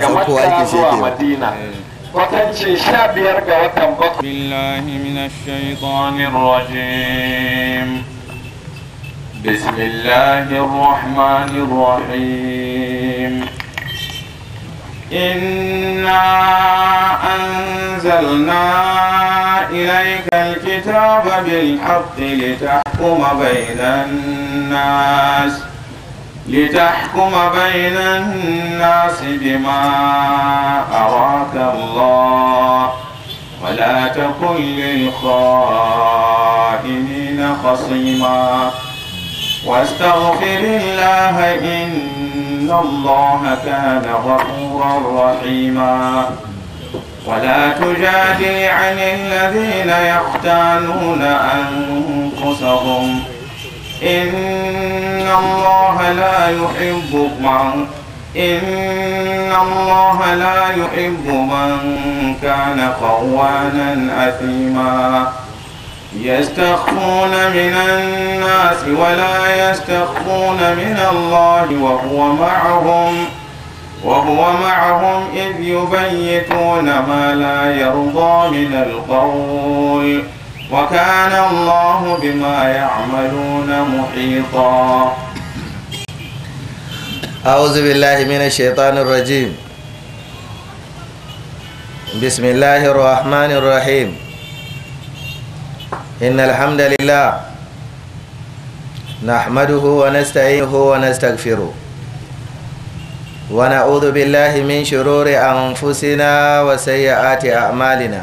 بالله من الشيطان الرجيم بسم الله الرحمن الرحيم إنا أنزلنا إليك الكتاب بالحق لتحكم بين الناس لتحكم بين الناس بما أراك الله ولا تكن للخائنين خصيما واستغفر الله إن الله كان غفورا رحيما ولا تجادل عن الذين يختانون أنفسهم إن الله لا يحب من إن الله لا يحب من كان خوانا أثيما يستخفون من الناس ولا يستخفون من الله وهو معهم وهو معهم إذ يبيتون ما لا يرضى من القول وكان الله بما يعملون محيطا أعوذ بالله من الشيطان الرجيم بسم الله الرحمن الرحيم إن الحمد لله نحمده ونستعينه ونستغفره ونعوذ بالله من شرور أنفسنا وسيئات أعمالنا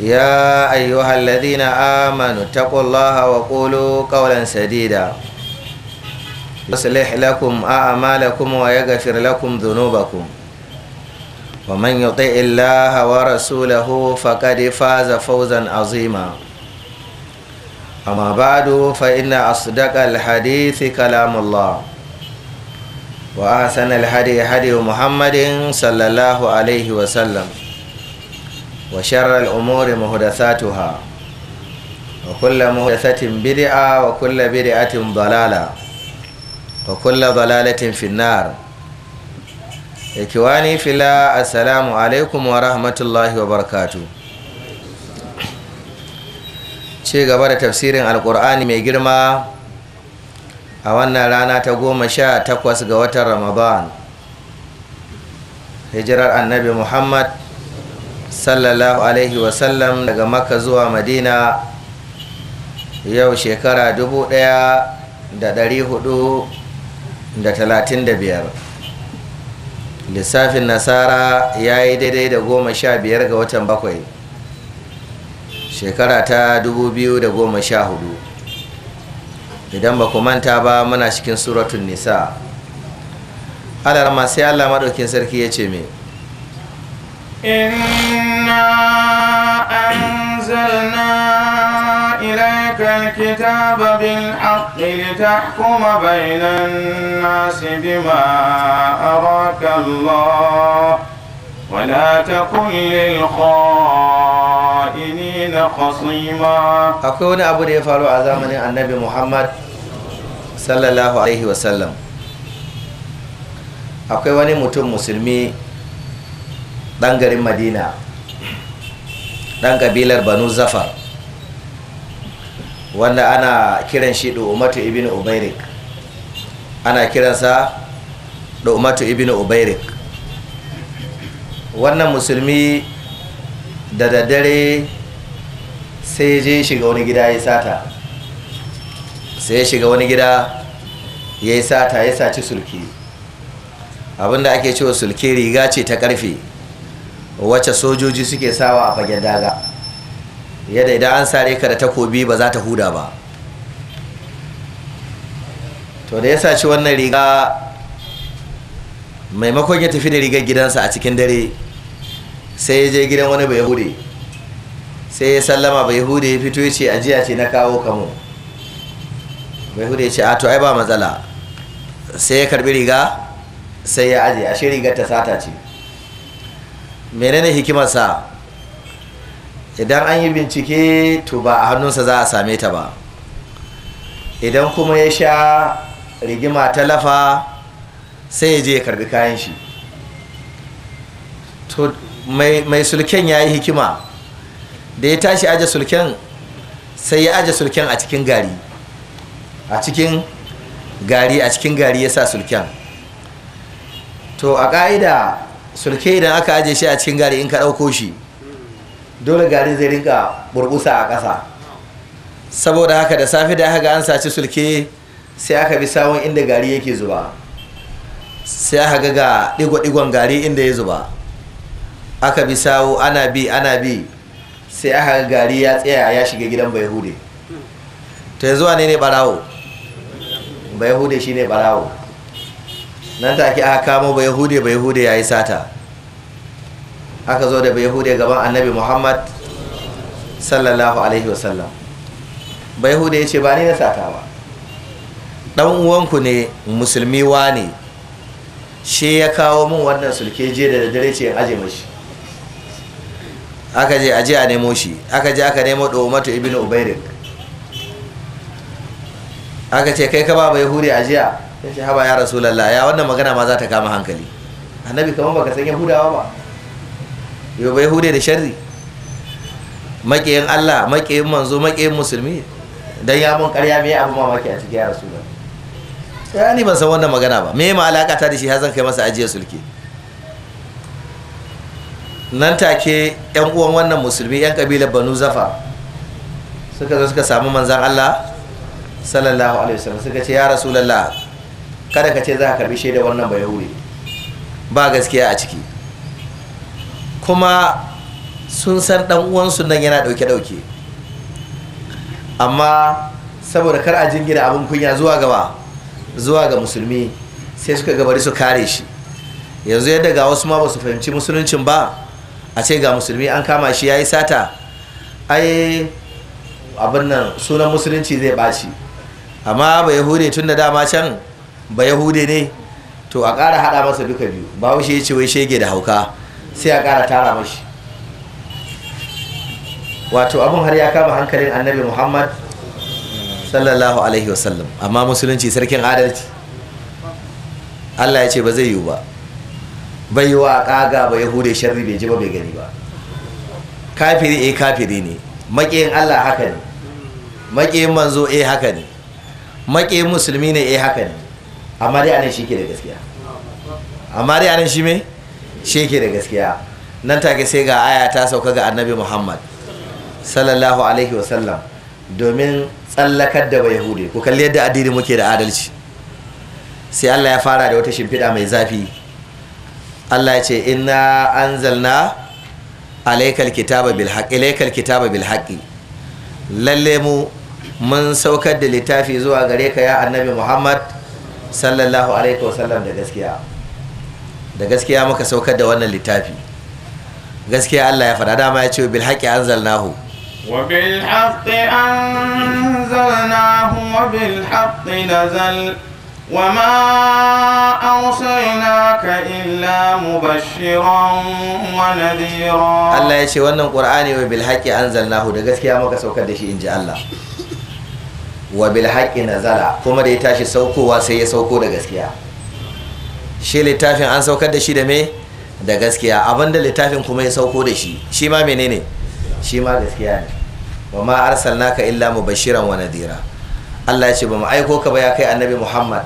يا أيها الذين آمنوا اتقوا الله وقولوا قولا سديدا يصلح لكم أعمالكم ويغفر لكم ذنوبكم ومن يطع الله ورسوله فقد فاز فوزا عظيما أما بعد فإن أصدق الحديث كلام الله وأحسن الهدي هدي محمد صلى الله عليه وسلم وشر الأمور محدثاتها وكل محدثة بدعة وكل بدعة ضلالة وكل ضلالة في النار إخواني في الله السلام عليكم ورحمة الله وبركاته ci gaba da tafsirin alkur'ani mai girma a wannan rana ta goma sha takwas ga watan ramadan hijirar annabi muhammad sallallahu alaihi wasallam daga maka zuwa madina yau shekara dubu ɗaya da da talatin da biyar lissafin nasara ya yi daidai da goma sha biyar ga watan bakwai shekara ta dubu da goma sha hudu idan ba ku manta ba muna cikin suratun nisa alarma sai allah maɗaukin sarki ya ce mai إنا أنزلنا إليك الكتاب بالحق لتحكم بين الناس بما أراك الله ولا تكن للخائنين خصيما أكون أبو ديفارو عن النبي محمد صلى الله عليه وسلم أكون wani mutum ɗan garin madina ɗan ƙabilar banu zafar wanda ana kiran shi umatu ibn ubairik ana kiransa umatu ibn ubairik wannan musulmi da daddare sai je shiga wani gida ya sata sai ya shiga wani gida ya yi sata ya saci sulki abinda ake cewa sulki riga ce ta karfe wacce sojoji suke sawa a fagen daga yadda idan an sare ka da takobi ba za ta huda ba to da ya saci wannan riga maimakon ya tafi da rigar gidansa a cikin dare sai ya je gidan wani bai hude sai ya sallama bai hude ya fito ya ce ajiya ce na kawo kamo bai hude ya ce a to ai ba matsala sai ya karbi riga sai ya aje ashe rigar ta sata ce menene hikimarsa idan an yi bincike to ba a hannunsa za a same ta ba idan kuma ya sha rigima talafa sai ya je ya karbi kayan shi to mai sulken ya yi hikima da ya tashi aje sulken sai ya aje sulken a cikin gari a cikin gari a cikin gari ya sa sulken to a ƙa'ida sulke idan aka aje shi a cikin gari in ka ɗauko shi dole gari zai rinka burbusa a ƙasa saboda haka da safe da aka ga an saci sulke sai aka bi sawon inda gari yake zuba sai aka ga digo-digon gari inda ya zuba aka bi sawo ana bi ana bi sai aka ga gari ya tsaya ya shiga gidan bai hude ta zuwa ne ne barawo bai hude shi ne barawo nan take aka kamo ba yahude ba yahude ya yi sata aka zo da ba yahude gaban annabi muhammad sallallahu alaihi wasallam ba yahude ya ce ba ni na sata ba dan uwanku ne musulmi wa ne shi ya kawo min wannan sulke je da dare ce aje mashi aka je aje a nemo shi aka je aka nemo dawamatu ibnu ubairik aka ce kai ka ba bai huri ajiya sai shi haba ya lalla ya wannan magana ma za ta kama hankali annabi kamar baka san yahudawa ba yau bai hude da sharri maƙiyin Allah maƙiyin manzo maƙiyin musulmi dan ya mun ƙarya me abu maki a cikin ya rasulullah ya ni ban san wannan magana ba me ma alaka ta da shi har zan kai masa ajiyar sulke nan take yan uwan wannan musulmi yan kabilar banu zafa suka zo suka samu manzan Allah sallallahu alaihi wasallam suka ce ya rasulullah kada ka ce za ka karbi shaidar wannan bai hure ba gaskiya a ciki kuma sun san dan uwansu nan yana dauke dauke amma saboda kar a jingina abin kunya zuwa gaba zuwa ga musulmi sai suka gabari su kare shi yanzu yadda ga wasu ma ba su fahimci musuluncin ba a ce ga musulmi an kama shi ya yi sata ai abin nan sunan musulunci zai baci amma ba hure tun da dama can ba yahude ne to a ƙara haɗa masa duka biyu bahaushe ya ce wai shege da hauka sai a ƙara tara mashi wato abin har ya kama hankalin annabi muhammad sallallahu alaihi wasallam amma musulunci sarkin adalci allah ya ce ba zai yiwu ba bai yi wa ƙaga ba yahude sharri bai ji ba bai gani ba kafiri eh kafiri ne maƙiyin allah haka ne maƙiyin manzo eh haka ne maƙiyin musulmi ne eh haka ne amma dai anan shi ke da gaskiya amma dai anan shi me shi ke da gaskiya nan take sai ga aya ta sauka ga annabi muhammad sallallahu alaihi wasallam domin tsallakar da bai hude ku kalli yadda addini muke da adalci sai allah ya fara da wata shimfiɗa mai zafi allah ya ce inna anzalna alaikal kitaba bil alaikal kitaba bil haqqi lalle mu mun saukar da littafi zuwa gare ka ya annabi muhammad sallallahu alaihi wasallam da gaskiya da gaskiya muka saukar da wannan littafi gaskiya Allah ya faɗa dama ya ce bil haqqi anzalnahu wa bil haqqi anzalnahu wa bil haqqi nazal wa ma arsalnaka illa mubashiran wa nadhira Allah ya ce wannan qur'ani wa bil haqqi anzalnahu da gaskiya muka saukar da shi inji Allah wa bil haqqi nazala kuma da ya tashi saukowa sai ya sauko da gaskiya shi littafin an saukar da shi da me da gaskiya abinda littafin kuma ya sauko da shi shi ma menene shi ma gaskiya ne wa ma arsalnaka illa mubashiran wa nadira Allah ya ce ba mu aiko ka ba ya kai annabi Muhammad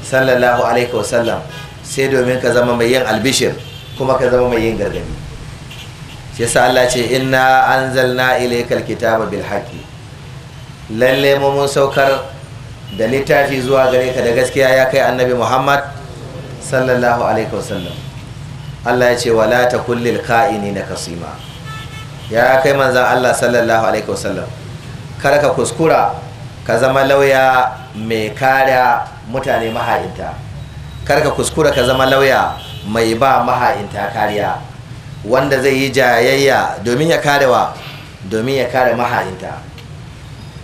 sallallahu alaihi wa sallam sai domin ka zama mai yin albishir kuma ka zama mai yin gargadi shi yasa Allah ce inna anzalna ilaykal kitaba bil haqqi lalle mu mun saukar da littafi zuwa gare ka da gaskiya ya kai annabi muhammad sallallahu alaihi wasallam allah ya ce wala ta kullil ka'ini na kasima ya kai manzan allah sallallahu alaihi wasallam kar ka kuskura ka zama lauya mai kare mutane maha'inta kar ka kuskura ka zama lauya mai ba maha'inta kariya wanda zai yi jayayya domin ya karewa domin ya kare maha'inta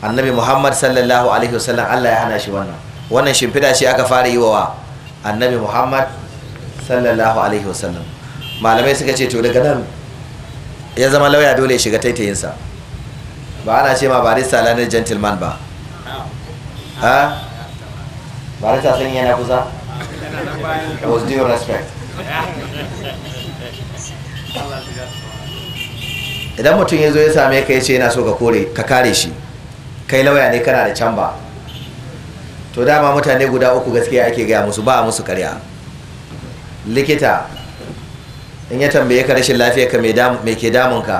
annabi muhammad sallallahu alaihi wasallam allah ya hana shi wannan wannan shimfiɗa ce aka fara yi wa annabi muhammad sallallahu alaihi wasallam malamai suka ce to daga nan ya zama lauya dole ya shiga taitayinsa ba ana ce ma barista lanar gentleman ba ha barista sun yana kusa was due respect idan mutum ya zo ya same ka ya ce yana so ka kore ka kare shi kai lauya ne kana da ba to dama mutane guda uku gaskiya ake gaya musu ba musu karya likita in ya tambaye ka rashin lafiya ka mai ke damunka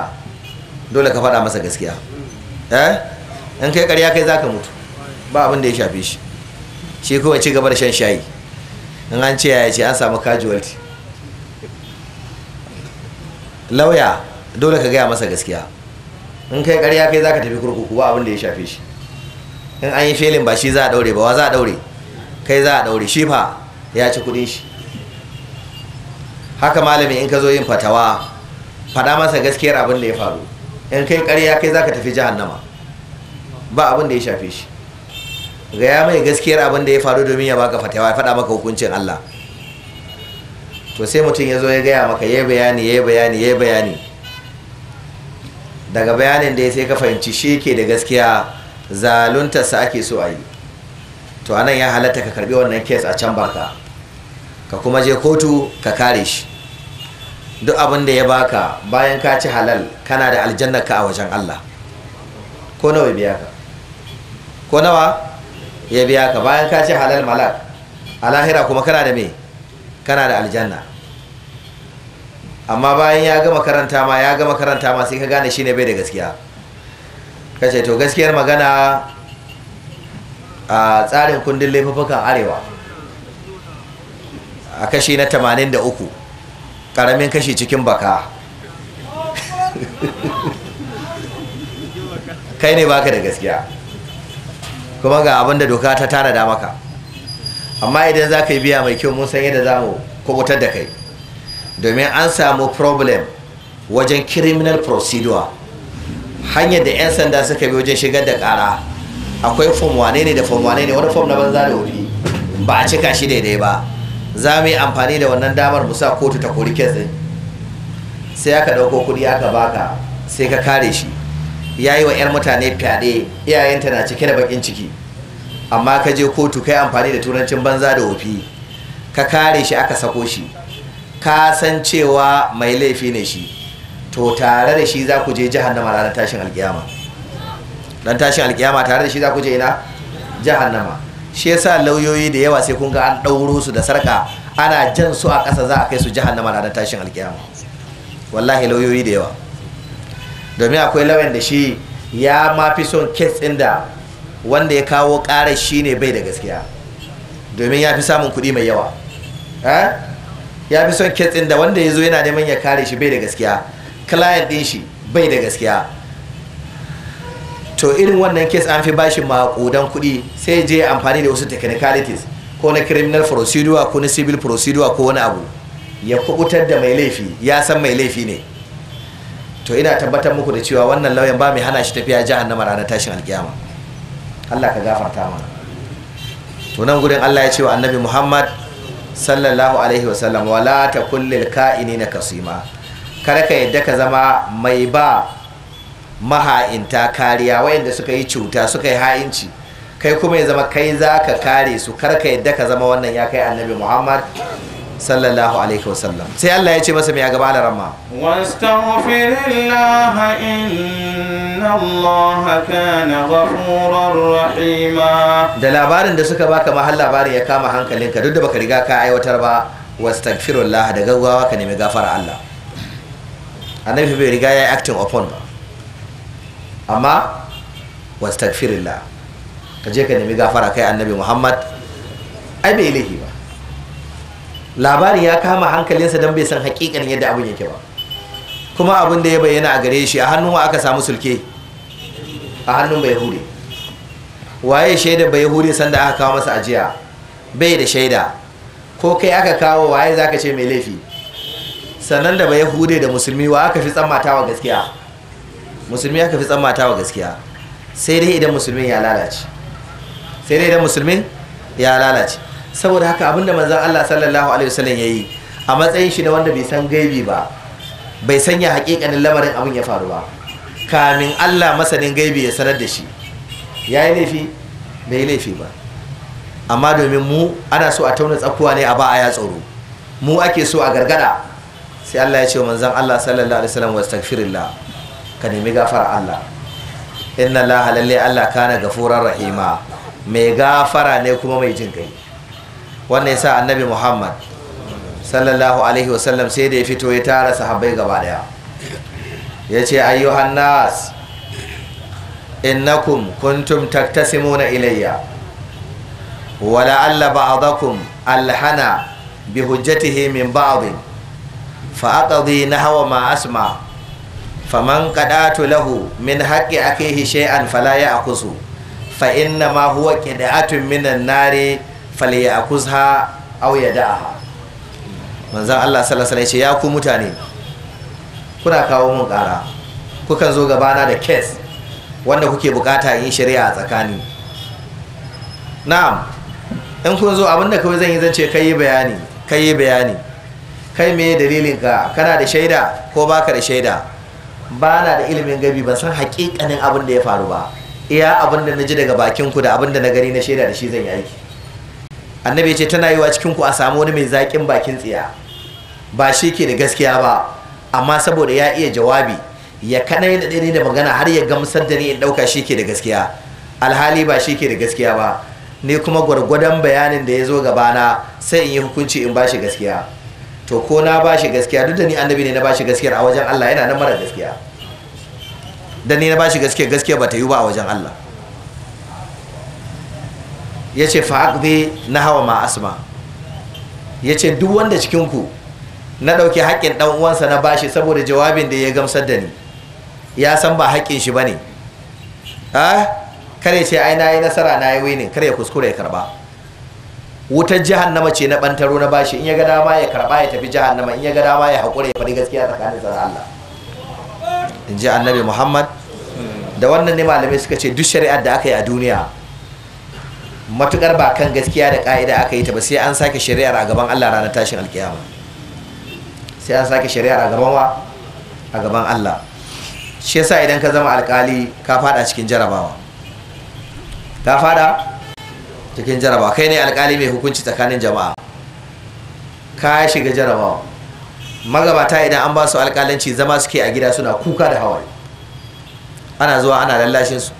dole ka faɗa masa gaskiya eh in kai karya kai za ka mutu ba abin da ya shafe shi shi kawai ci gaba da shan shayi in an ce ya ce an samu casualty lauya dole ka gaya masa gaskiya in kai ƙarya kai zaka tafi kurkuku ba abin da ya shafe shi in an yi felin ba shi za a daure ba wa za a daure kai za a daure shi fa ya ci kudin shi haka malami in ka zo yin fatawa faɗa masa gaskiyar abin da ya faru in kai ƙarya kai zaka tafi jahannama ba abin da ya shafe shi gaya mai gaskiyar abin da ya faru domin ya baka fatawa ya faɗa maka hukuncin Allah to sai mutum ya zo ya gaya maka ya bayani ya bayani ya bayani daga bayanin da ya sai ka fahimci shi ke da gaskiya zaluntarsa ake so a yi to anan ya halatta ka karbi wannan kes a can baka ka kuma je kotu ka kare shi duk abin da ya baka bayan ka ci halal kana da aljannar ka a wajen Allah ko nawa ya biya ka ko nawa ya biya ka bayan ka ci halal malak a lahira kuma kana da me kana da aljanna amma bayan ya gama karanta ma ya gama karanta ma sai ka gane shi ne bai da gaskiya kace to gaskiyar magana a tsarin kundin laifukan arewa a kashi na 83 karamin kashi cikin baka kai ne baka da gaskiya kuma ga abin da doka ta tanada maka amma idan za ka yi biya mai kyau mun san yadda za mu kubutar da kai domin an samu problem wajen criminal procedure hanyar da 'yan sanda suka bi wajen shigar da kara akwai fom wane ne da fom wane ne wani fom na banza da wuri ba a cika shi daidai ba za mu yi amfani da wannan damar musa kotu ta kori kes sai aka ɗauko kuɗi aka baka sai ka kare shi ya yi wa 'yan mutane fyaɗe iyayenta na cike da bakin ciki amma ka je kotu ka yi amfani da turancin banza da wofi ka kare shi aka sako shi ka san cewa mai laifi ne shi to tare da shi za ku je jahannama ranar tashin alkiyama dan tashin alkiyama tare da shi za ku je ina jahannama shi yasa lauyoyi da yawa sai kun ga an ɗauro su da sarka ana jan su a ƙasa za a kai su jahannama ranar tashin alkiyama wallahi lauyoyi da yawa domin akwai lauyan da shi ya ma fi son kes ɗin da wanda ya kawo ƙarar shi ne bai da gaskiya domin ya fi samun kuɗi mai yawa eh? ya fi son kitsin da wanda ya zo yana neman ya kare shi bai da gaskiya client din shi bai da gaskiya to irin wannan kes an fi bashi makudan kuɗi sai je amfani da wasu technicalities ko na criminal procedure ko na civil procedure ko wani abu ya kubutar da mai laifi ya san mai laifi ne to ina tabbatar muku da cewa wannan lauyan ba mai hana shi tafiya jahannama ranar tashin alkiyama Allah ka gafarta mana to nan gurin Allah ya ce wa annabi Muhammad sallallahu alaihi wasallam wala ta kullil ka'ini na kasima kar ka yadda ka zama mai ba maha'inta kariya wayanda suka yi cuta suka yi ha'inci kai kuma ya zama kai za ka kare su kar ka yadda ka zama wannan ya kai annabi muhammad sallallahu alaihi wasallam sai Allah ya ce masa mai a gaba alaramma wastaghfirillaha inna Allah kana ghafurar rahima da labarin da suka baka mahal labarin ya kama hankalinka duk da baka riga ka aiwatar ba laha da gaggawa ka nemi gafara Allah annabi bai riga ya yi acting upon ba amma laha ka je ka nemi gafara kai annabi Muhammad ai bai laifi ba labarin ya kama hankalinsa don bai san hakikanin yadda abin yake ba kuma abin da ya bayyana a gare shi a hannun wa aka samu sulke a hannun bai hure waye shaida bai hure sanda aka kawo masa ajiya bai da shaida ko kai aka kawo waye zaka ce mai laifi sannan da bai hure da musulmi wa aka fi tsammatawa gaskiya musulmi aka fi tsammatawa gaskiya sai dai idan musulmin ya lalace sai dai idan musulmin ya lalace saboda haka abinda manzon Allah sallallahu alaihi wasallam yayi a matsayin shi na wanda bai san gaibi ba bai sanya hakikanin lamarin abin ya faru ba kamin Allah masanin gaibi ya sanar da shi ya yi laifi bai laifi ba amma domin mu ana so a tauna tsakuwa ne a ba a ya tsoro mu ake so a gargada sai Allah ya ce wa manzon Allah sallallahu alaihi wasallam wastaghfirillah ka nemi gafara Allah inna Allah lalle Allah kana rahima mai gafara ne kuma mai jin kai wannan yasa annabi muhammad sallallahu alaihi wasallam sai da ya fito ya tara sahabbai gaba daya ya ce ayyuhan innakum kuntum taktasimuna ilayya wa la'alla ba'dakum alhana bi hujjatihi min ba'd fa aqdi nahwa ma asma faman qadatu lahu min haqqi akihi shay'an fala ya'kusu fa inna ma huwa atun minan nari fale ya kuzha au ya da'aha manzan Allah sallallahu alaihi ya ku mutane kuna kawo mun ƙara kukan zo gabana da kes wanda kuke bukata yin shari'a a tsakani na'am in kun zo abinda kawai zan yi zan ce kai bayani kai bayani kai me dalilin ka kana da shaida ko baka da shaida ba na da ilimin gabi ban san hakikanin abin da ya faru ba iya abin da na ji daga bakin ku da abin da na gani na shaida da shi zan yi aiki annabi ya ce tana yi wa cikinku a samu wani mai zaƙin bakin tsiya ba shi ke da gaskiya ba amma saboda ya iya jawabi ya kana daɗe ne da magana har ya gamsar da ni in ɗauka shi ke da gaskiya alhali ba shi ke da gaskiya ba ni kuma gwargwadon bayanin da ya zo gabana sai in yi hukunci in ba shi gaskiya to ko na ba shi gaskiya duk da ni annabi ne na ba shi gaskiyar a wajen Allah yana nan mara gaskiya da ni na ba shi gaskiya gaskiya ba ta yi ba a wajen Allah ya ce fa'aqdi na hawa ma asma ya ce duk wanda cikinku na ɗauki haƙƙin ɗan uwansa na bashi saboda jawabin da ya gamsar da ni ya san ba haƙƙin shi ba ne kare ce ai na yi nasara na yi wini kare ya kuskure ya karba wutar na ce na ɓantaro na bashi in ya ga dama ya karɓa ya tafi jahannama in ya ga dama ya haƙura ya faɗi gaskiya tsakanin sa Allah in ji annabi Muhammad da wannan ne malamai suka ce duk shari'ar da aka yi a duniya matukar ba kan gaskiya da ka'ida aka yi ta ba sai an sake shari'ar a gaban Allah ranar tashin alkiyama sai an sake shari'ar a gaban wa a gaban Allah shi yasa idan ka zama alkali ka fada cikin jarabawa ka fada cikin jarabawa kai ne alkali mai hukunci tsakanin jama'a ka shiga jarabawa magabata idan an ba su alkalanci zama suke a gida suna kuka da hawaye ana zuwa ana lallashin su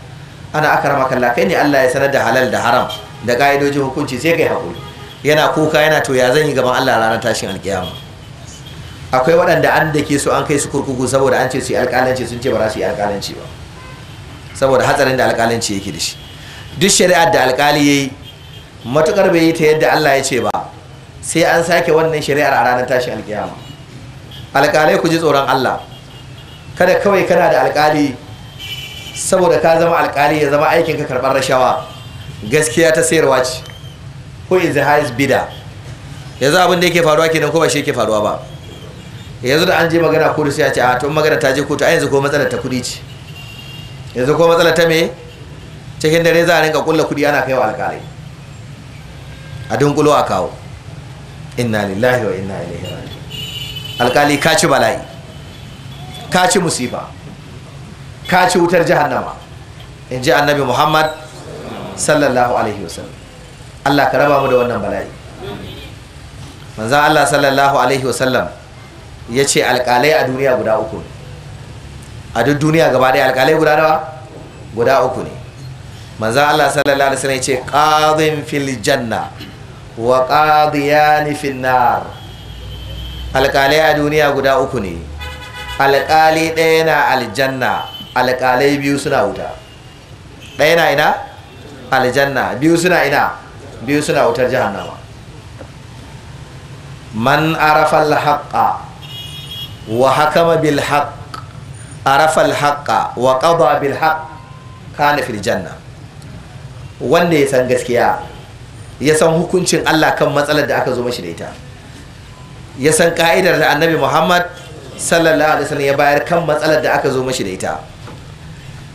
ana akara kalla kai ne Allah ya sanar da halal da haram da ka'idojin hukunci sai ka yi haƙuri yana kuka yana to ya zan yi gaban Allah ranar tashin alkiyama akwai waɗanda an da ke so an kai su kurkuku saboda an ce su yi alƙalanci sun ce ba za su yi alƙalanci ba saboda hatsarin da alƙalanci yake da shi duk shari'ar da alƙali ya yi matuƙar bai yi ta yadda Allah ya ce ba sai an sake wannan shari'ar a ranar tashin alkiyama alƙalai ku ji tsoron Allah kada kawai kana da alƙali saboda ka zama alƙali ya zama aikin ka karɓar rashawa gaskiya ta sayarwa ce ko in the highest bidder yanzu abin da yake faruwa kenan ko ba shi yake faruwa ba yanzu da an je magana kudu sai a ce a to magana ta je kotu a yanzu ko matsalar ta kudi ce yanzu ko matsalar ta me cikin dare za a rinka kulla kudi ana kaiwa alkalai a dunkulo a kawo inna lillahi wa inna ilaihi raji'un alkali ka ci bala'i ka ci musifa ka ci wutar jahannama in ji annabi muhammad sallallahu alaihi wasallam Allah ka raba mu da wannan bala'i manzan Allah sallallahu alaihi wasallam ya ce alƙalai a duniya guda uku ne a duk duniya gaba ɗaya alƙalai guda nawa guda uku ne manzan Allah sallallahu alaihi wasallam ya ce qadhin fil janna wa qadiyan fil nar alƙalai a duniya guda uku ne alƙali ɗaya na aljanna alƙalai biyu suna wuta ɗaya na ina aljanna biyu suna ina biyu suna wutar jahannama man arafa alhaqqa wa hakama bil haqq arafa alhaqqa wa qada bil haqq kana fil janna wanda ya san gaskiya ya san hukuncin Allah kan matsalar da aka zo mashi da ita ya san ka'idar da Annabi Muhammad sallallahu alaihi wasallam ya bayar kan matsalar da aka zo mashi da ita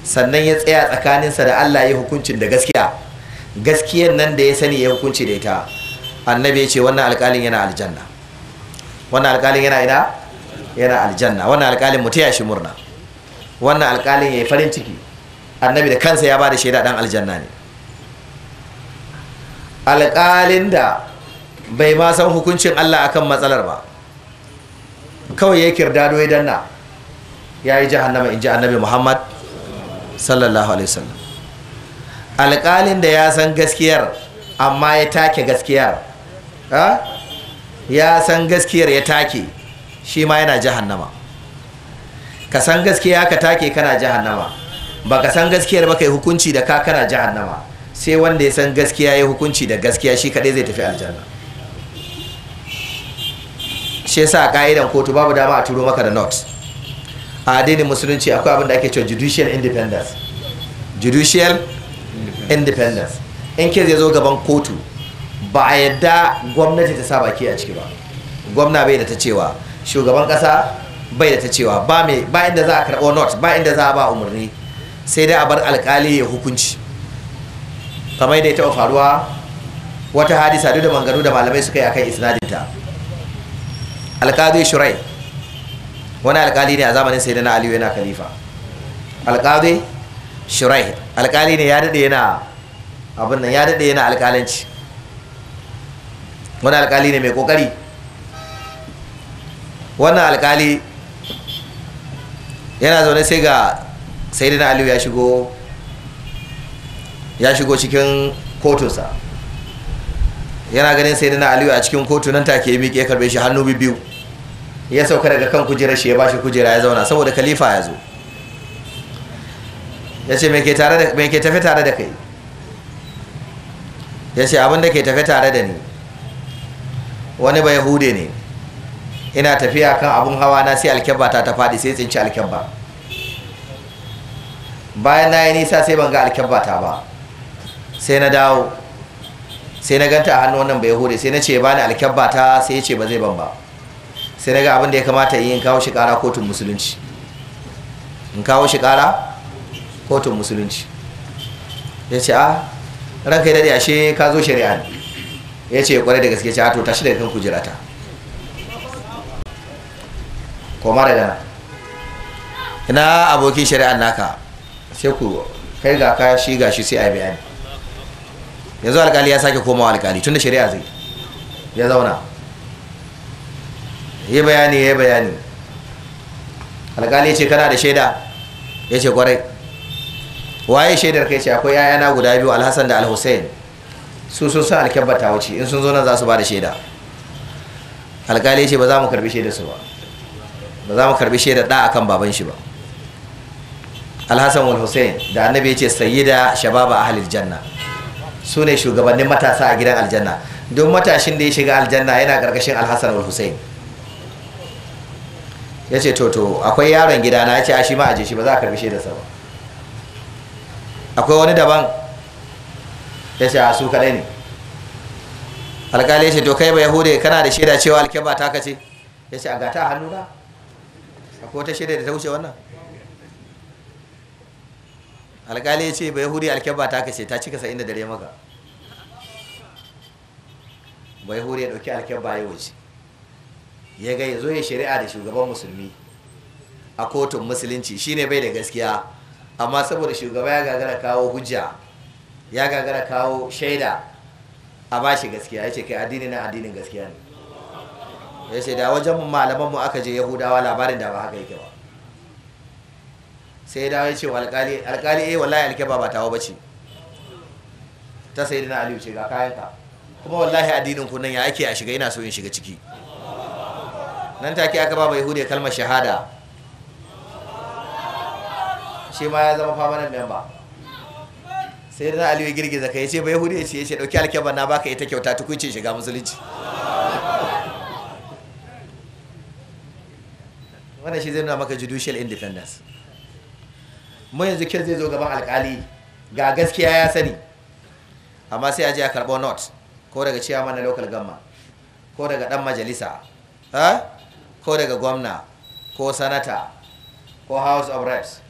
sannan ya tsaya tsakaninsa da Allah ya hukuncin da gaskiya gaskiyar nan da ya sani ya hukunci da ita annabi ya ce wannan alƙalin yana aljanna wannan alƙalin yana ina yana aljanna wannan alƙalin mu taya shi murna wannan alƙalin ya yi farin ciki annabi da kansa ya ba da shaida dan aljanna ne alƙalin da bai ma san hukuncin Allah akan matsalar ba kawai ya kirda doye danna ya yi jahannama in ji annabi Muhammad sallallahu alaihi wasallam alƙalin da ya san gaskiyar amma ya take gaskiyar ya san gaskiyar ya take shi ma yana jahannama ka san gaskiya ka take kana jahannama ba ka san gaskiyar ba kai hukunci da ka kana jahannama sai wanda ya san gaskiya ya hukunci da gaskiya shi kadai zai tafi aljanna shi yasa ka'idan kotu babu dama a turo maka da notes a addinin musulunci akwai abin da ake cewa judicial independence judicial independence in ke zai zo gaban kotu ba a yadda gwamnati ta sa baki a ciki ba gwamna bai da ta cewa shugaban kasa bai da ta cewa ba mai ba inda za a karɓo not ba inda za a ba umarni sai dai a bar alkali ya hukunci kamar da ya taɓa faruwa wata hadisa duk da manganu da malamai suka yi akan isnadinta alkali shurai wani alkali ne a zamanin sai na aliyu yana khalifa alkali shirai alkali ne ya daɗe yana abin nan ya daɗe yana alkalanci wani alkali ne mai kokari wannan alkali yana zaune sai ga sai na aliyu ya shigo ya shigo cikin kotunsa yana ganin sai na aliyu a cikin kotunan nan take ya miƙe karbe shi hannu biyu ya sauka daga kan kujerar shi ya bashi kujera ya zauna saboda khalifa ya zo ya ce me ke tafi tare da kai ya ce abinda da ke tafi tare da ni wani ba yahude ne ina tafiya kan abin hawa na sai alkyabba ta ta faɗi sai tsinci alkyabba bayan na yi nisa sai ban ga alkyabba ta ba sai na dawo sai na ganta a hannun wannan ba yahude sai na ce ba ni alkyabba ta sai ya ce ba zai ban ba sai daga abin da ya kamata yi in kawo shi kara kotun musulunci in kawo shi kara kotun musulunci ya ce a ah, ranka daɗe ashe ka zo shari'a ne ya ce kwarai da gaske ce a ah, to tashi daga kan kujerata koma da dana ina abokin na naka sai ku kai ga ka shi ga shi sai a bayani yanzu alkali ya sake komawa alkali tun da shari'a zai ya zauna yi bayani ya yi bayani alƙali ce kana da shaida ya ce kwarai waye shaidar kai ce akwai yayana guda biyu alhassan da alhussein su sun san alkyabba ta wuce in sun zo nan za su ba da shaida alƙali ce ba za mu karbi shaidar su ba ba za mu karbi shaidar da akan baban shi ba alhassan wal hussein da annabi ya ce sayyida shababa ahlil janna su ne shugabannin matasa a gidan aljanna don matashin da ya shiga aljanna yana ƙarƙashin alhassan wal hussein ya ce to akwai yaron gidana ya ce a shi ma aje shi ba za a karbi sa ba akwai wani daban ya ce a su kadai ne alkali ya ce to kai ba yahude kana da shaida cewa ba taka ce ya ce a gata a hannuna akwai wata shaida da ta wuce wannan alkali ya ce ba yahudi ba taka ce ta cika sa'in da dare maka ba yahudi ya dauki ba ya wuce ya ga ya zo ya shari'a da shugaban musulmi a kotun musulunci shine bai da gaskiya amma saboda shugaba ya gagara kawo hujja ya gagara kawo shaida a ba shi gaskiya ya ce kai addini na addinin gaskiya ne ya ce da wajen malaman mu aka je yahudawa labarin da ba haka yake ba sai ya dawo ya ce wa alkali alkali eh wallahi alkeba ba tawo bace ta sayyidina aliyu ce ga kayanka kuma wallahi addinin ku nan ya ake a shiga ina so in shiga ciki nan take aka ba bai kalmar shahada shi ma ya zama permanent member sai da aliyu girgiza ka yace bai hude ce yace dauki alkebar na baka ita kyauta tukuncin shiga musulunci wannan shi zai nuna maka judicial independence mu yanzu kin zai zo gaban alkali ga gaskiya ya sani amma sai a je a karɓo note ko daga ciyaman na local gamma ko daga dan majalisa ha ko daga gwamna ko sanata ko house of reps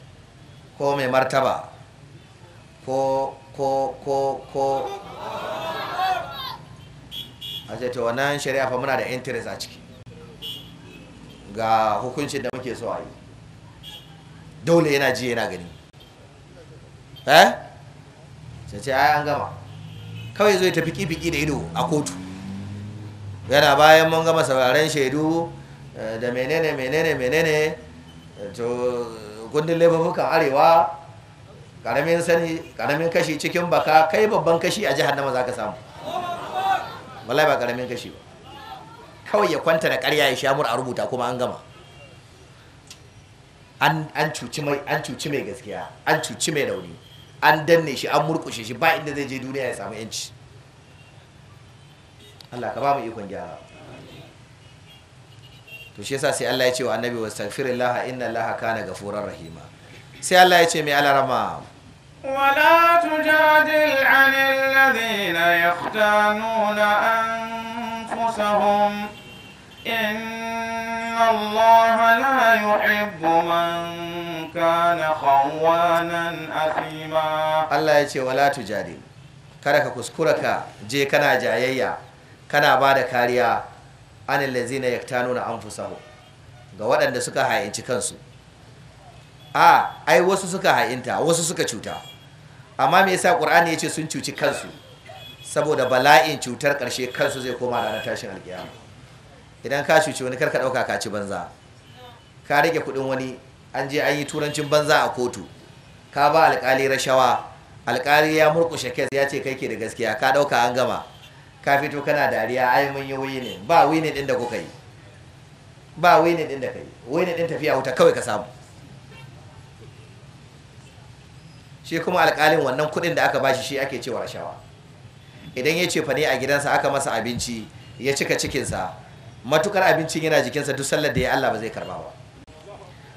ko mai martaba ko ko ko ko a to wannan shari'a fa muna da interest a ciki ga hukuncin da muke so a yi dole yana ji yana gani eh sai ce ai an gama kawai zai tafi kifiki da ido a kotu yana bayan mun gama sauraren shaidu Eh, da menene menene menene eh, to gundun laifukan arewa karamin sani karamin kashi cikin baka kai babban kashi a jihar nama za ka samu wallahi ba karamin kashi ba kawai ya kwanta da karya ya shamur a rubuta kuma an gama an cuci mai an cuci mai gaskiya an cuci mai rauni an danne shi an murkushe shi ba inda zai je duniya ya samu yanci Allah ka ba mu ikon gyara to shi yasa sai Allah ya ce wa annabi wa astaghfirullah inna allaha kana gafuran rahima sai Allah ya ce mai alarama wala tujadil ladina yaftanuna anfusahum inna allaha la yuhibbu man kana khawanan athima Allah ya ce wala tujadil kada ka kuskura ka je kana jayayya kana ba da kariya anil ladzina yaktanuna anfusahu ga waɗanda suka ha'inci kansu a ai wasu suka hayinta wasu suka cuta amma me yasa qur'ani yace sun cuci kansu saboda bala'in cutar karshe kansu zai koma ranar tashin alkiyama idan ka cuci wani karka ɗauka ka ci banza ka rike kuɗin wani an je an yi turancin banza a kotu ka ba alƙali rashawa alƙali ya murƙushe kes ya ce kai ke da gaskiya ka ɗauka an gama ka fito kana dariya ai mun yi ne ba ne din da kuka yi ba ne din da kai ne din tafiya wuta kawai ka samu shi kuma alƙalin wannan kuɗin da aka bashi shi ake cewa rashawa idan ya ce fane a gidansa aka masa abinci ya cika cikinsa matukar abincin yana jikinsa duk sallar da ya Allah ba zai karba ba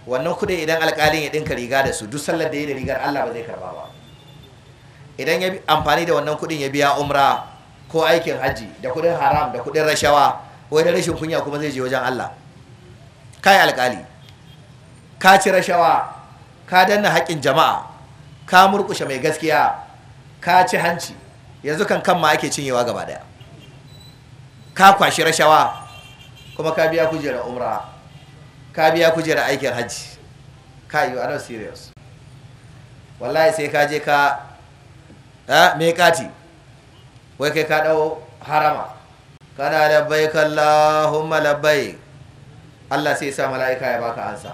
wannan kuɗin idan alƙalin ya ɗinka riga da su duk sallar da ya da rigar Allah ba zai karba ba idan ya amfani da wannan kuɗin ya biya umra ko aikin hajji da kudin haram da kudin rashawa wai da rashin kunya kuma zai je wajen Allah kai alkali ka ci rashawa ka danna haƙƙin jama'a ka murƙushe mai gaskiya ka ci hanci yanzu kan kan ma ake cinyewa gaba daya ka kwashi rashawa kuma ka biya kujerar umra ka biya kujerar aikin hajji ka yi wa serious wallahi sai ka je ka eh, me kati wai kai ka dau harama kana da labbaik allahumma labbaik Allah sai sa mala'ika ya baka ansa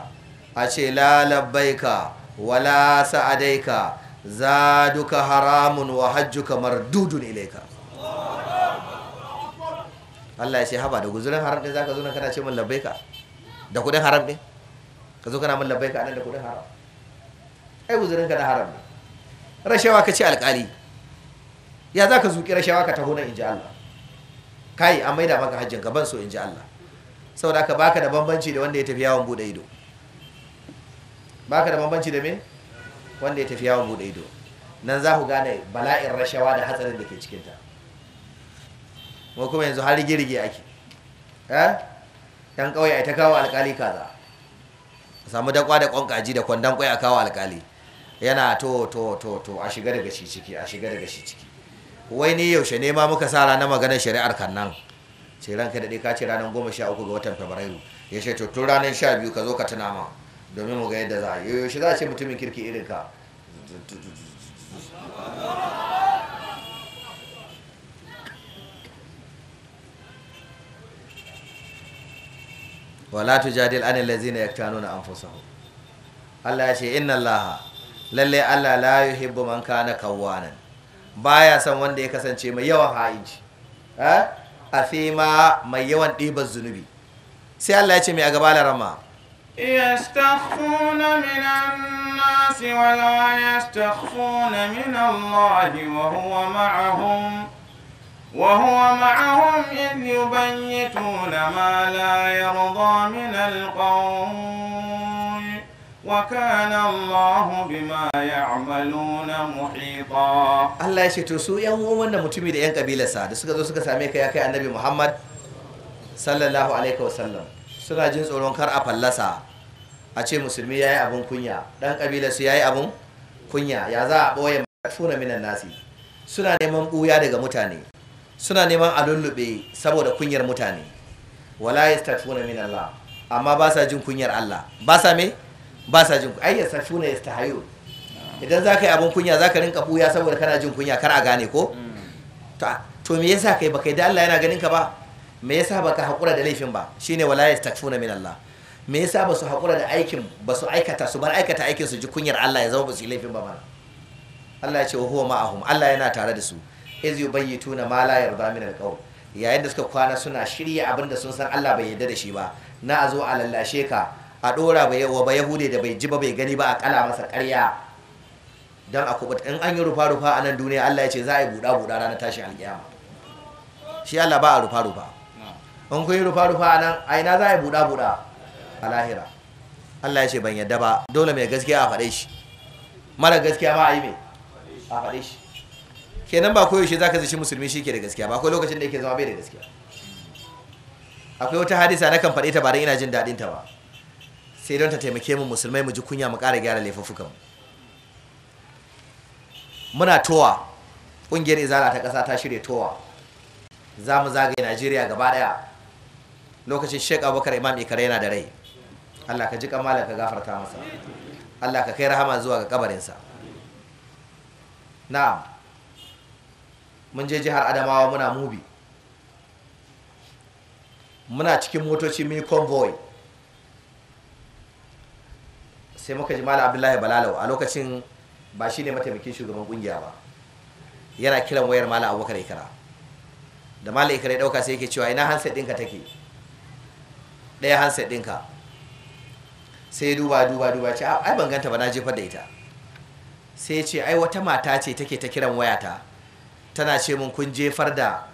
a ce la labbaika wala sa'adaika zaduka haramun wa hajjuka mardudun ilaika Allah ya ce haba da guzurin haram ɗin zaka zo nan kana ce min labbaika da kudin haram ɗin ka zo kana min labbaika nan da kudin haram ai guzurin ka da haram ne rashawa ka ce alƙali ya za ka zuƙi rashawa ka taho na in ji Allah kai an maida maka hajjin ka ban so in ji Allah saboda ka baka da bambanci da wanda ya tafi yawon bude ido baka da bambanci da me wanda ya tafi yawon bude ido nan za ku gane bala'in rashawa da hatsarin da ke cikinta mu kuma yanzu har rigirgi ake eh yan kauye ai ta kawo alkali kaza samu dakwa da kwankaji da kwandan kwai a kawo alkali yana to to to to a shiga daga shi ciki a shiga daga shi ciki wai ni yaushe ne ma muka sa ranar maganar shari'ar kan nan sai ranka daɗe ka ce ranar goma sha uku ga watan fabrairu ya ce to tun ranar sha biyu ka zo ka tuna ma domin mu ga yadda za a yi yaushe za a ce mutumin kirki irin ka wala jadil anil ladzina yaktanuna anfusahum Allah ya ce inna Allah lalle Allah la yuhibbu man kana kawwanan baya son wanda ya kasance mai yawan ha'inci a fi ma mai yawan ɗibar zunubi sai Allah ya ce mai a gaba larama yastakhuna minan nasi wala yastakhuna min Allah wa huwa ma'ahum wa huwa in idh yubayyituna ma la yarda min alqawm وكان الله بما يعملون محيطا الله ya ce to su yan wannan mutumi da yan kabilarsa da suka zo suka same ka ya kai annabi Muhammad sallallahu alaihi wasallam suna jin tsoron kar a fallasa a ce musulmi yayi abun kunya ɗan kabilar su yayi abun kunya ya za a boye tuna minan nasi suna neman buya daga mutane suna neman a lullube saboda kunyar mutane wala tuna minan Allah amma ba sa jin kunyar Allah ba sa me ba sa jin ai yasa shuna hayo idan za ka yi abin kunya za ka rinka buya saboda kana jin kunya kar a gane ko mm. to me yasa kai baka da Allah yana ganin ka ba me yasa baka hakura da laifin ba shine wala yastakfuna min Allah me yasa basu hakura da aikin basu aikata su bar aikata aikin su ji kunyar Allah ya zama basu yi laifin ba bana? Allah ya ce huwa ma'ahum Allah yana tare da su iz yubayituna ma la yarda min alqawl yayin da suka kwana suna shirya abinda sun san Allah bai yarda da shi ba na azo a lallashe ka a dora wa ba yahude da bai ji ba bai gani ba a kala masa ƙarya don a kubuta in an yi rufa rufa a nan duniya Allah ya ce za a yi buɗa buɗa ranar tashi alƙiyama shi Allah ba a rufa rufa in kun yi rufa rufa a nan a ina za a yi buɗa buɗa a lahira Allah ya ce ban yadda ba dole mai gaskiya a faɗe shi mara gaskiya ma a yi mai a faɗe shi kenan ba koyaushe za ka zaci musulmi shi ke da gaskiya ba akwai lokacin da yake zama bai da gaskiya akwai wata hadisa na kan faɗe ta ba don ina jin daɗin ta ba sai don ta taimake mu musulmai mu ji kunya mu ƙara gyara laifafukan muna towa ƙungiyar izala ta ƙasa ta shirya towa za mu zagaye najeriya gaba ɗaya lokacin shek abubakar imam ikare yana da rai allah ka ji kamala ka gafarta masa allah ka kai rahama zuwa ga kabarinsa na'am mun je jihar adamawa muna mubi muna cikin motoci mini convoy sai muka ji malam abdullahi balalau a lokacin ba shi ne mataimakin shugaban kungiya ba yana kiran wayar malam abubakar ikira da malam ikira ya dauka sai yake cewa ina hansa ɗinka take daya hansa ɗinka sai duba duba duba ce ai ban ganta ba na jefar da ita sai ce ai wata mata ce take ta kiran wayata tana ce mun kun jefar da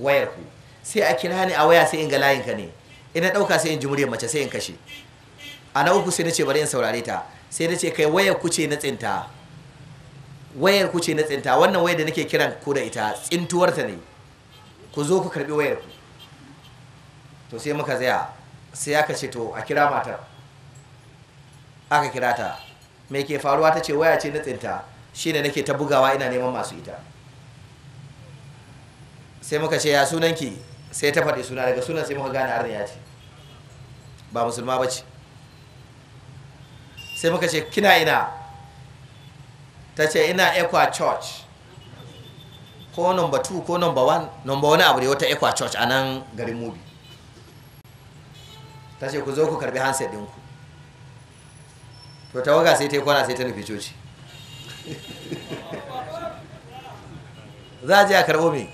wayar ku sai a kira ni a waya sai in ga layinka ne ina ɗauka sai in ji muryar mace sai in kashe a na uku sai na ce bari in saurare ta sai na ce kai wayar ku ce na tsinta wayar ku ce na tsinta wannan wayar da nake kiran ku da ita tsintuwar ta ne ku zo ku karbi wayar ku to sai muka tsaya sai aka ce to a kira matar aka kira ta me ke faruwa ta ce waya ce na tsinta shine nake ta bugawa ina neman masu ita sai muka ce ya sunanki sai ta faɗi suna daga sunan sai muka gane arna ya ce ba musulma ba ce sai muka ce kina ina ta ce ina ekwa church ko number 2 ko number 1 number wani abu ne wata ekwa church a nan garin mubi ta ce ku zo ku karbi hansa ɗinku to waga sai ta yi kwana sai ta nufi coci za a je a karɓo me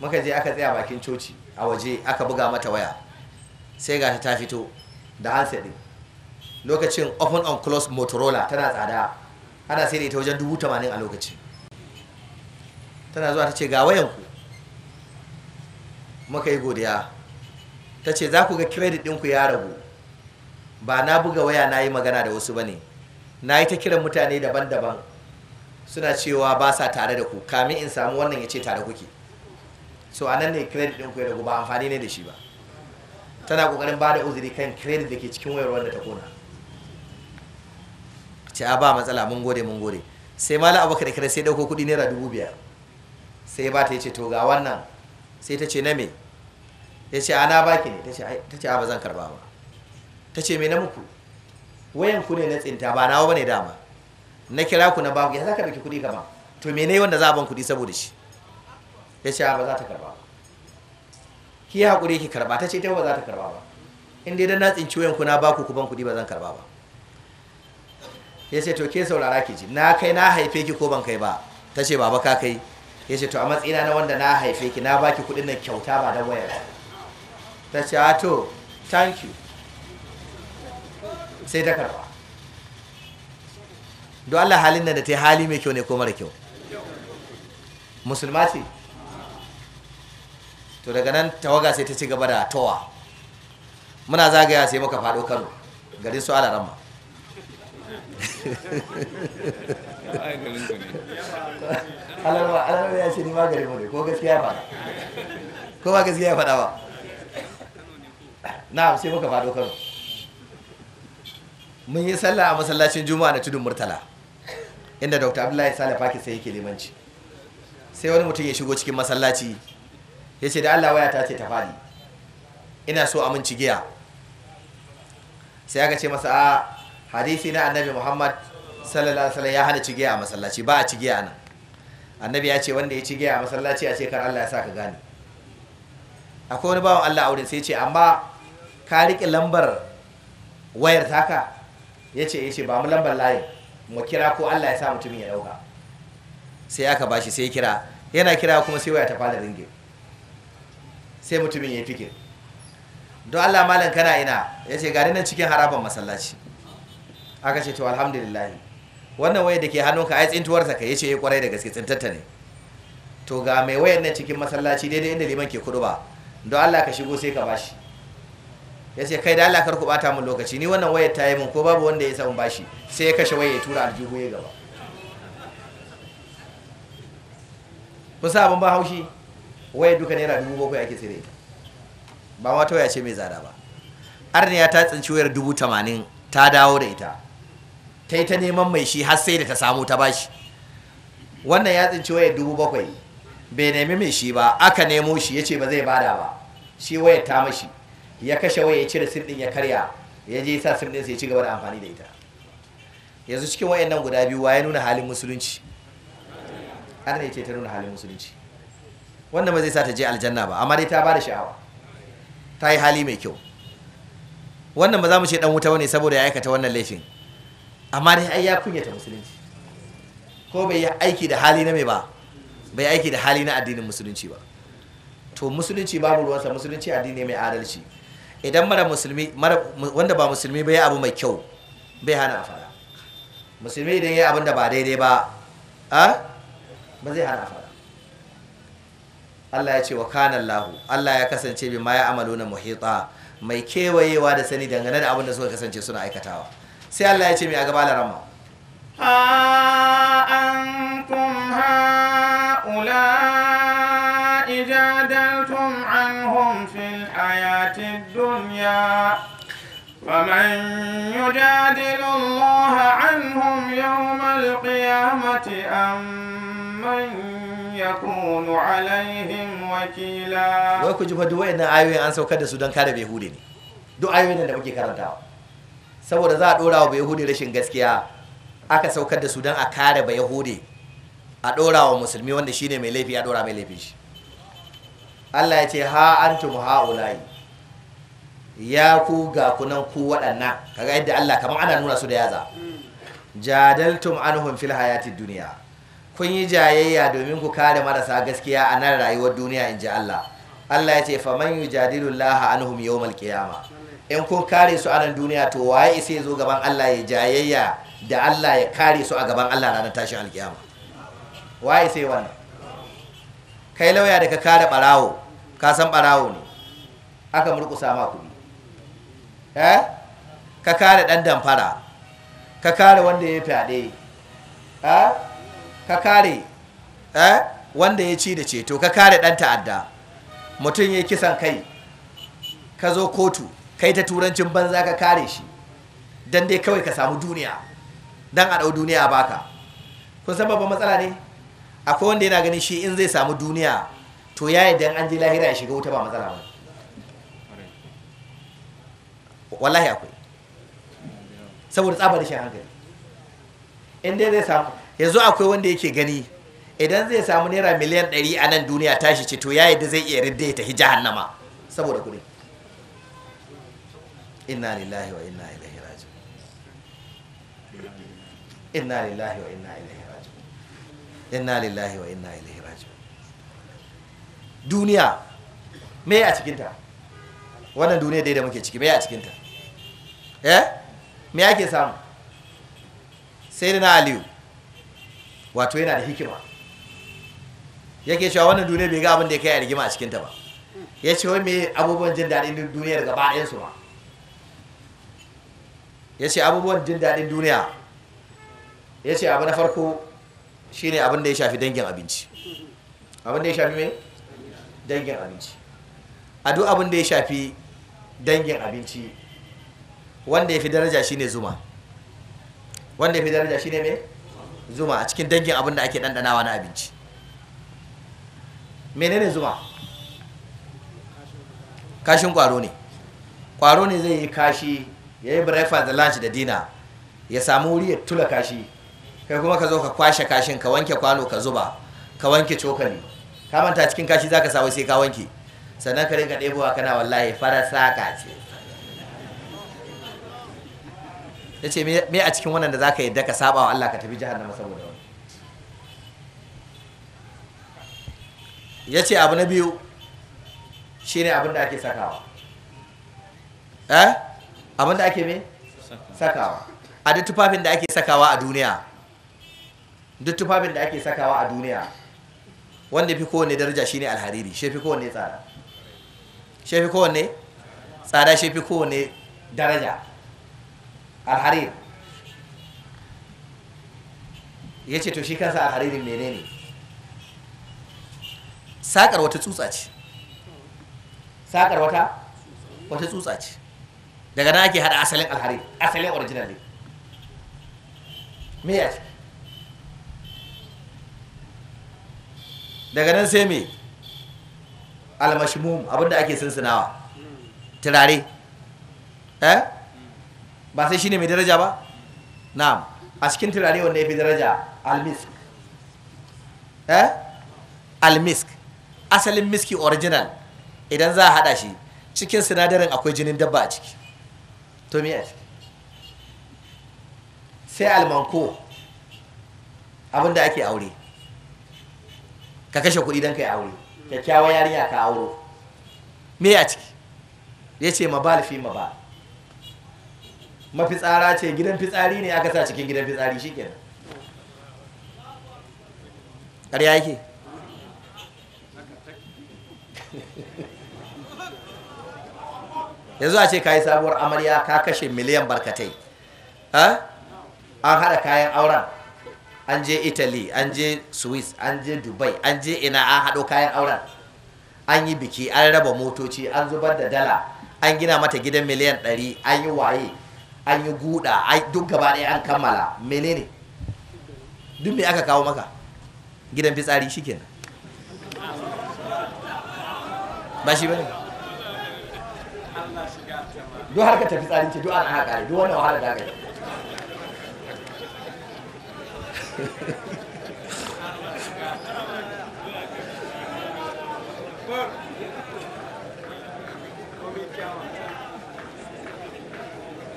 muka je aka tsaya bakin coci a waje aka buga mata waya sai ga ta fito da hansa ɗin lokacin open on close motorola tana tsada ana sai da ita wajen dubu tamanin a lokacin tana zuwa ta ce ga wayanku muka yi godiya ta ce za ku ga credit ɗinku ya ragu ba na buga waya na yi magana da wasu ba ne na yi ta kiran mutane daban-daban suna cewa ba sa tare da ku kamin in samu wannan ya ce tare kuke so a nan ne credit ɗinku ya ragu ba amfani ne da shi ba tana ƙoƙarin ba da uzuri kan credit da ke cikin wayar wanda ta kona ce a ba matsala mun gode mun gode sai malam abubakar kare sai dauko kuɗi naira dubu biyar sai ba ta ce to ga wannan sai ta ce na me ya ce ana baki ne ta ce a ba zan karba ba ta ce me na muku wayan ku ne na tsinta ba nawa bane dama na kira ku na baku ya za ka dauki kuɗi kama to me ne wanda za a ban kuɗi saboda shi ya ce a ba za ta karba ba ki hakuri ki karba ta ce ta ba za ta karba ba in dai dan na tsinci wayan ku na baku ku ban kuɗi ba zan karba ba ya ce to ke saurara ki ji na kai na haife ki ko ban kai ba ta ce baba ka kai ya ce to a matsina na wanda na haife ki na baki kuɗin nan kyauta ba da waya ta ce a ah, to thank you sai ta karba don Allah halin nan da ta yi hali mai kyau ne ko mara kyau musulma ce to daga nan tawaga sai ta ci gaba da towa muna zagaya sai muka faɗo kano garin su alaramma alarwa alarwa ya ce ni magari ne ko gaskiya ba ko ba gaskiya faɗa ba na sai muka faɗo kano mun yi sallah a masallacin juma'a na tudun murtala inda dr abdullahi sale faki sai yake limanci sai wani mutum ya shigo cikin masallaci ya ce da allah waya ta ce ta faɗi ina so a mun cigiya sai aka ce masa a ah, hadisi na annabi muhammad sallallahu alaihi wasallam ya hana cigiya a masallaci ba a cigiya nan annabi ya ce wanda ya cigiya a masallaci a ce kar Allah ya sa ka gane akwai wani bawan Allah aure sai ce amma ka riƙe lambar wayar taka ya ce ya eh, ce ba mu lambar layin mu kira ko Allah ya sa mutumin ya dauka sai aka bashi sai kira yana kira kuma sai waya ta fara ringe sai mutumin ya yi fikir don Allah malam kana ina ya ce gari nan cikin harabar masallaci aka ce to alhamdulillah wannan wayar da ke hannunka ai tsintuwar ka yace eh kwarai da gaske tsintatta ne to ga mai wayar nan cikin masallaci daidai inda liman ke kudu ba don Allah ka shigo sai ka bashi ya ce kai da Allah kar ku bata min lokaci ni wannan wayar ta yi min ko babu wanda ya samu bashi sai ya kashe wayar ya tura aljihu ya gaba kusa sa abin ba haushi wayar duka naira dubu bakwai ake sire ba ma ta waya ce mai zada ba arniya ta tsinci wayar dubu tamanin ta dawo da ita ta yi ta neman mai shi har sai da ta samu ta bashi wannan ya tsinci wayar dubu bakwai bai nemi mai shi ba aka nemo shi ya ce ba zai bada ba shi wayar ta mashi ya kashe waya ya cire sim ya karya ya je sa sim ɗin sai ya ci gaba da amfani da ita yanzu cikin wayannan guda biyu wa ya nuna halin musulunci Allah ya ce ta nuna halin musulunci wanda ba zai sa ta je aljanna ba amma dai ta ba da sha'awa ta yi hali mai kyau wannan ba za mu ce dan wuta bane saboda ya aikata wannan laifin amma dai ai ya kunyata musulunci ko bai yi aiki da hali na mai ba bai aiki da hali na addinin musulunci ba to musulunci babu ruwansa musulunci addini mai adalci idan mara musulmi mara wanda ba musulmi bai abu mai kyau bai hana a fara musulmi idan ya abin da ba daidai ba a ba zai hana a fara Allah ya ce wa kana Allah Allah ya kasance bi ma ya na muhita mai kewayewa da sani dangane da abin da suka kasance suna aikatawa sai Allah ya ce mai a gaba da ramma ha antum haula ijadaltum anhum fil hayati dunya يجادل الله عنهم يوم القيامة أم من يكون عليهم وكيلا ويكو جفا دوائنا آيوين أنسو كده سودان كده هوليني دو آيوين da muke كارنتاو saboda za a ɗora wa bayahudi rashin gaskiya aka saukar da su don a kare bayahudi a ɗora wa musulmi wanda shine mai laifi a ɗora mai laifi shi Allah ya ce ha an tumu ha ulayi ya ku ga kunan ku waɗannan kaga yadda Allah kamar ana nuna su da yaza jadaltum anhum fil hayatid duniya kun yi jayayya domin ku kare marasa gaskiya a nan rayuwar duniya in ji Allah Allah ya ce faman yujadilu anhum yawmal qiyamah in kun kare su a nan duniya to waye sai ya zo gaban Allah ya jayayya da Allah ya kare su a gaban Allah ranar tashin alkiyama waye sai wannan kai lauya da ka kare barawo ka san barawo ne aka murkusa ma kuɗi eh ka kare dan damfara ka kare wanda ya fyaɗe eh ka kare eh wanda ya ci da ceto ka kare dan ta'adda mutum ya kisan kai ka zo kotu kai ta turancin banza ka kare shi dan dai kawai ka samu duniya dan a dau duniya baka kun san babban matsala ne akwai wanda yana ganin shi in zai samu duniya to ya yi dan an je lahira ya shiga wuta ba matsala ba wallahi akwai saboda tsabar shi hankali in dai zai samu yanzu akwai wanda yake gani idan zai samu naira miliyan 100 a nan duniya tashi ce to ya yi da zai iya ridda ta hijahannama saboda kuɗi inna lillahi wa inna ilaihi raji'un inna lillahi wa inna ilaihi raji'un inna lillahi wa inna ilaihi raji'un duniya me a cikin ta wannan duniya dai da muke ciki me a cikin ta eh me yake samu sai na aliyu wato yana da hikima yake cewa wannan duniya bai ga abin da ya kai a rigima a cikin ta ba ya ce wai me abubuwan jin daɗin duniyar gaba ɗayan su ba ya ce abubuwan jin daɗin duniya ya ce abu na farko shine abin da ya shafi dangin abinci abin da ya shafi mai dangin abinci a duk abin da ya shafi dangin abinci wanda ya fi daraja shine zuma wanda ya fi daraja shine mai zuma a cikin dangin abin da ake ɗanɗanawa na abinci menene zuma kashin kwaro ne kwaro ne zai yi kashi ya yi brefa da lunch da dina ya samu wuri ya tula kashi kai kuma ka zo ka kwashe kashin ka wanke kwano ka zuba ka wanke cokali ka manta cikin kashi zaka samu sai ka wanke sannan ka rinka ɗebowa kana wallahi fara saka ce ya ce me a cikin wannan da zaka yadda ka saba wa Allah ka tafi nama saboda wani ya ce abu na biyu shine abin da ake sakawa eh abin da ake me sakawa a duk tufafin da ake sakawa a duniya duk tufafin da ake sakawa a duniya wanda fi kowanne daraja shine alhariri shi fi kowanne tsada shi fi kowanne tsada shi fi kowanne daraja alharir ya ce to shi kansa alharirin menene sakar wata tsutsa ce sakar wata wata tsutsa ce daga nan ake hada asalin alhari asalin original ne me ya daga nan sai me almashmum abinda ake sinsinawa turare eh ba sai shine mai daraja ba na'am a cikin turare wanda ya fi daraja almisk eh almisk asalin miski original idan za a hada shi cikin sinadarin akwai jinin dabba a ciki to me sai almanko abinda ake aure ka kashe kuɗi don ka yi aure kyakkyawan yarinya ka auro me ya ciki ya ce mabal fi mafi mafitsara ce gidan fitsari ne aka sa cikin gidan fitsari shi kenan ƙarya yake yanzu a ce ka yi sabuwar amarya ka kashe miliyan barkatai an haɗa kayan auren an je italy an je swiss an je dubai an je ina an haɗo kayan auren an yi biki an raba motoci an zubar da dala an gina mata gidan miliyan 100 an yi waye an yi guda duk gaba ɗaya an kammala menene duk me aka kawo maka gidan fitsari shikenan ba shi bane duk har ka tafi tsarin ce duk an haka duk wani wahala da aka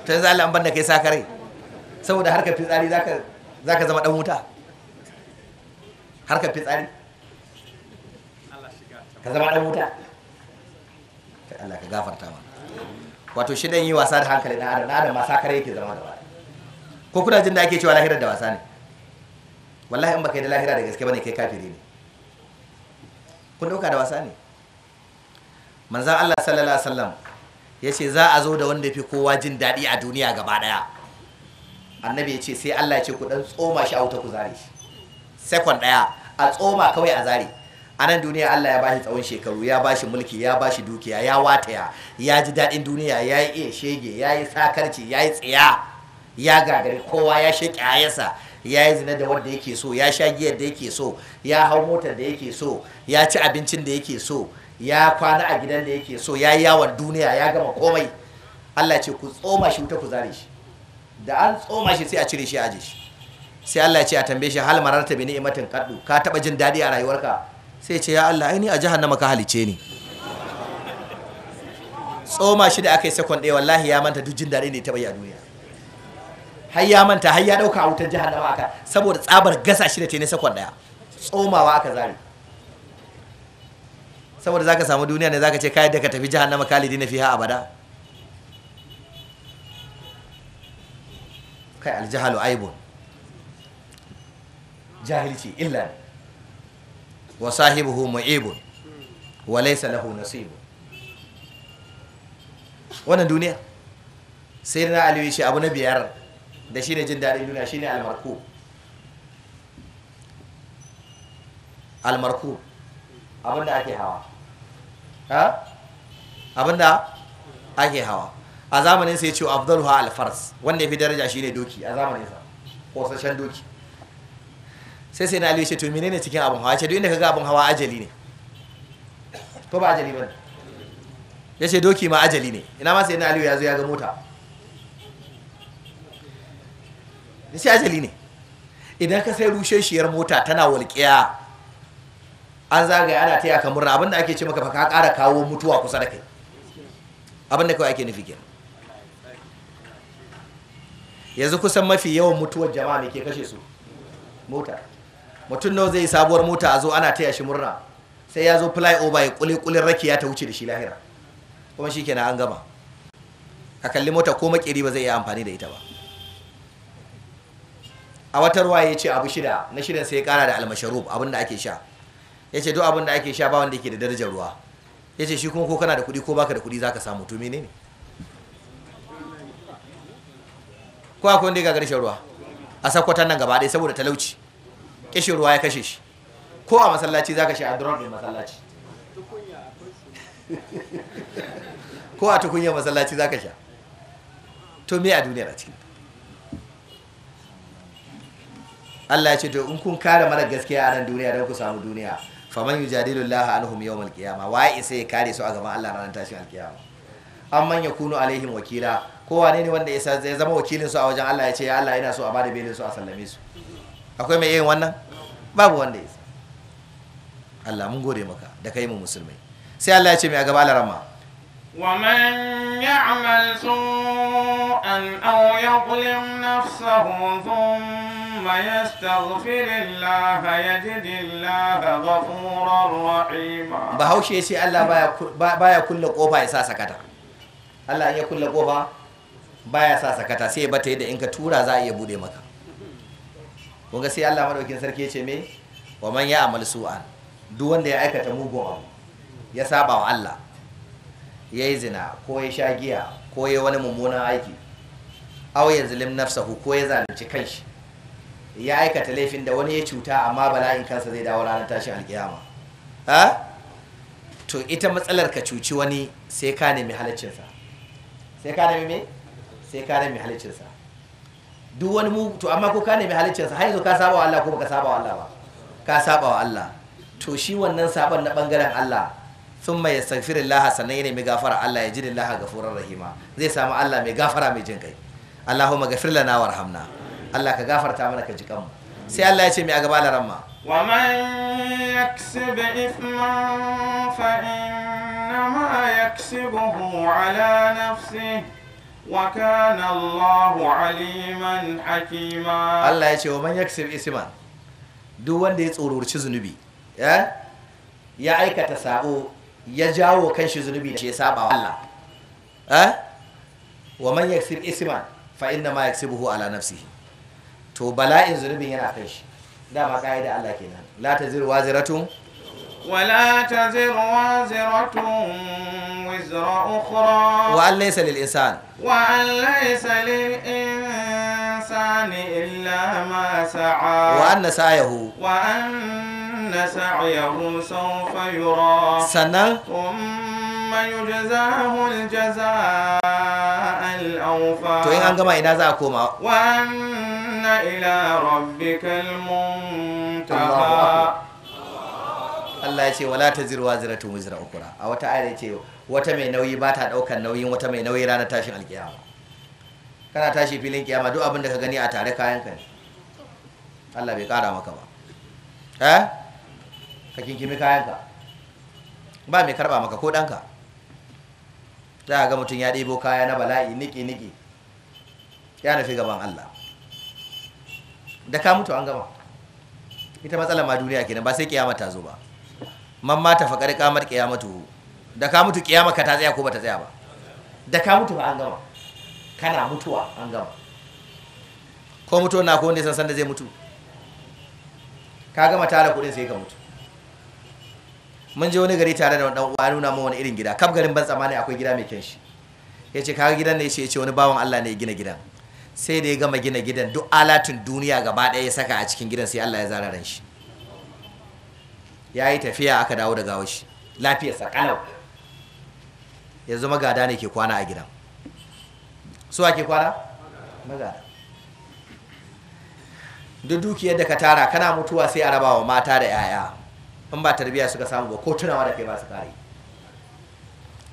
ta zala an banda kai sakare saboda harkar fitsari za ka zama dan wuta harkar fitsari ka zama dan wuta Allah ka gafarta ma wato shi dan yi wasa da hankali na adam na adam ma sakare yake zama da wani ko kuna jin da ake cewa lahirar da wasa ne wallahi in baka yi da lahira da gaske bane kai kafiri ne kun dauka da wasa ne manzan Allah sallallahu alaihi wasallam ya ce za a zo da wanda fi kowa jin daɗi a duniya gaba ɗaya annabi ya ce sai Allah ya ce ku ɗan tsoma shi a wuta ku zare shi sekon ɗaya a tsoma kawai a zare a nan duniya Allah ya bashi tsawon shekaru ya bashi mulki ya bashi dukiya ya wataya ya ji daɗin duniya ya yi iya shege ya yi sakarci ya yi tsiya ya gagari kowa ya sheƙi ayasa ya yi zina da wanda yake so ya sha giyar da yake so ya hau motar da yake so ya ci abincin da yake so ya kwana a gidan da yake so ya yi yawon duniya ya gama komai Allah ce ku tsoma shi wuta ku zare shi da an tsoma shi sai a cire shi aje shi sai Allah ce a tambaye shi hal mararta bi ni'imatin kaddu ka taba jin daɗi a rayuwarka sai ce ya Allah aini a jahannama ka halice ni tsoma shi da aka yi sakon ɗaya wallahi ya manta duk jin daɗi ne ta bayya a duniya har ya manta har ya ɗauka a wutar jahannama aka saboda tsabar gasa shi da ta yi sakon ɗaya tsomawa aka zare saboda zaka samu duniya ne zaka ce kai da ka tafi jahannama kalidi na fiha abada kai aljahalu aibun jahilci illa ne wa sahibuhu mu'ibun wa laysa lahu nasibun wannan duniya sai na aliyu shi abu na biyar da shi ne jin daɗin duniya shi ne almarku almarku abinda ake hawa ha abinda ake hawa a zamanin sai ce abdulluha alfars wanda ya fi daraja shi ne doki a zamaninsa ko sashen doki sai sai na aliyu ce to menene cikin abin hawa ce duk inda kaga abin hawa ajali ne ko ba ajali bane ya ce doki ma ajali ne ina ma sai na aliyu ya zo ya ga mota ya ce ajali ne idan ka sai shiyar mota tana walƙiya an zagaya ana taya ka murna abinda ake ce maka fa ka ƙara kawo mutuwa kusa da kai abinda kawai ake nufi kenan yanzu kusan mafi yawan mutuwar jama'a ne ke kashe su mota mutum nawa zai yi sabuwar mota a zo ana taya shi murna sai ya zo fly over ya kule kulin rake ya ta wuce da shi lahira kuma shi kenan an gama ka kalli mota ko makiri ba zai iya amfani da ita ba a wata ruwa ya ce abu shida na shidan sai ya kara da almasharub abin da ake sha ya ce duk abin da ake sha ba wanda yake da darajar ruwa ya ce shi kuma ko kana da kuɗi ko baka da kuɗi zaka samu to menene ko akwai wanda ya gagarin ruwa a sakwatan nan gaba ɗaya saboda talauci Ƙishin ruwa ya kashe shi ko a masallaci za ka sha a drone mai masallaci ko a tukunya masallaci za ka sha to me a duniyar a cikin Allah ya ce to in kun kare mara gaskiya a nan duniya don ku samu duniya faman yujadilu Allah anhum yawmal qiyamah waye sai ya kare su a gaban Allah ranar tashin alkiyama amman yakunu alaihim wakila ko wane ne wanda ya zama wakilin su a wajen Allah ya ce ya Allah ina so a bada belin su a sallame su akwai mai yin wannan babu wanda ya Allah mun gode maka da kai mu musulmai sai Allah ya ce mai a gaba alarama ومن يعمل سوءا أو يظلم نفسه ثم يستغفر الله يجد الله غفورا رحيما بهوشي سي الله بايا كل kofa يسا سكتا الله sakata sai ba بايا سا سكتا سي ka يدا za تورا زا يبودي maka. kun ga sai Allah madaukin sarki ya ce me wa man ya amal su'an duk wanda ya aikata mugun abu ya saba wa Allah ya yi zina ko ya sha giya ko ya wani mummunan aiki aw ya zalim nafsahu ko ya zalunci kanshi ya aikata laifin da wani ya cuta amma bala'in kansa zai dawo ranar tashin alkiyama ha to ita matsalar ka cuci wani sai ka nemi halaccinsa sai ka nemi me sai ka nemi halaccinsa duk wani mu to amma ko ka nemi halicinsa har yanzu ka saba wa Allah ko baka saba wa Allah ba ka saba wa Allah to shi wannan saban na bangaren Allah sun mai yastaghfirullah sannan yana mai gafara Allah ya ji Allah gafurar rahima zai samu Allah mai gafara mai jin kai Allahumma ghafir lana warhamna Allah ka gafarta mana ka ji kanmu sai Allah ya ce mai a gaba ma wa man yaksib ithman fa innama yaksibuhu ala nafsihi وكان ya ce حكيما الله يشي ومن duk wanda ya tsororci zunubi ya aikata sabo ya jawo shi zunubi da ya saba wa Allah wa manyan yaksib isman fa na ma buhu ala nafsihi to bala'in zunubin yana kai shi dama da Allah kenan la taziru ولا تزر وازرة وزر أخرى وأن ليس للإنسان وأن ليس للإنسان إلا ما سعى وأن سعيه وأن سعيه سوف يرى سنة ثم يجزاه الجزاء الأوفى أنجما إنا زاكوما وأن إلى ربك المنتهى Allah ya ce wala ta zira waziratun wizra ukura a wata ayar ya ce wata mai nauyi ba ta daukan nauyin wata mai nauyi ranar tashin alkiyama kana tashi filin kiyama duk abin da ka gani a tare kayan ka ne Allah bai kara maka ba eh ka kinkimi kayan ka ba mai karba maka ko danka za ka ga mutum ya ɗebo kaya na bala'i niki niki ya nufi gaban Allah da ka mutu an gama ita matsalar ma duniya kenan ba sai kiyama ta zo ba man ta fa ƙamar kamar qiyamatu da ka mutu ƙiyama ka ta tsaya ko ba ta tsaya ba da ka mutu ba an gama kana mutuwa an gama ko mutu na ko wanda san san da zai mutu ka gama tara kudin sai ka mutu mun je wani gari tare da wani uwa nuna mu wani irin gida kaf garin ban tsamani akwai gida mai kyanshi ya yace kaga gidan ne yace ce wani bawan Allah ne ya gina gidan sai da ya gama gina gidan duk alatun duniya gaba ɗaya ya saka a cikin gidan sai Allah ya zara ran shi ya yi tafiya aka dawo da washi shi lafiyarsa kalau yanzu magada ne ke kwana a gidan su ake kwana magada duk dukiyar da ka tara kana mutuwa sai a rabawa mata da 'ya'ya in ba tarbiyya suka samu ba ko tunawa da kai ba su kare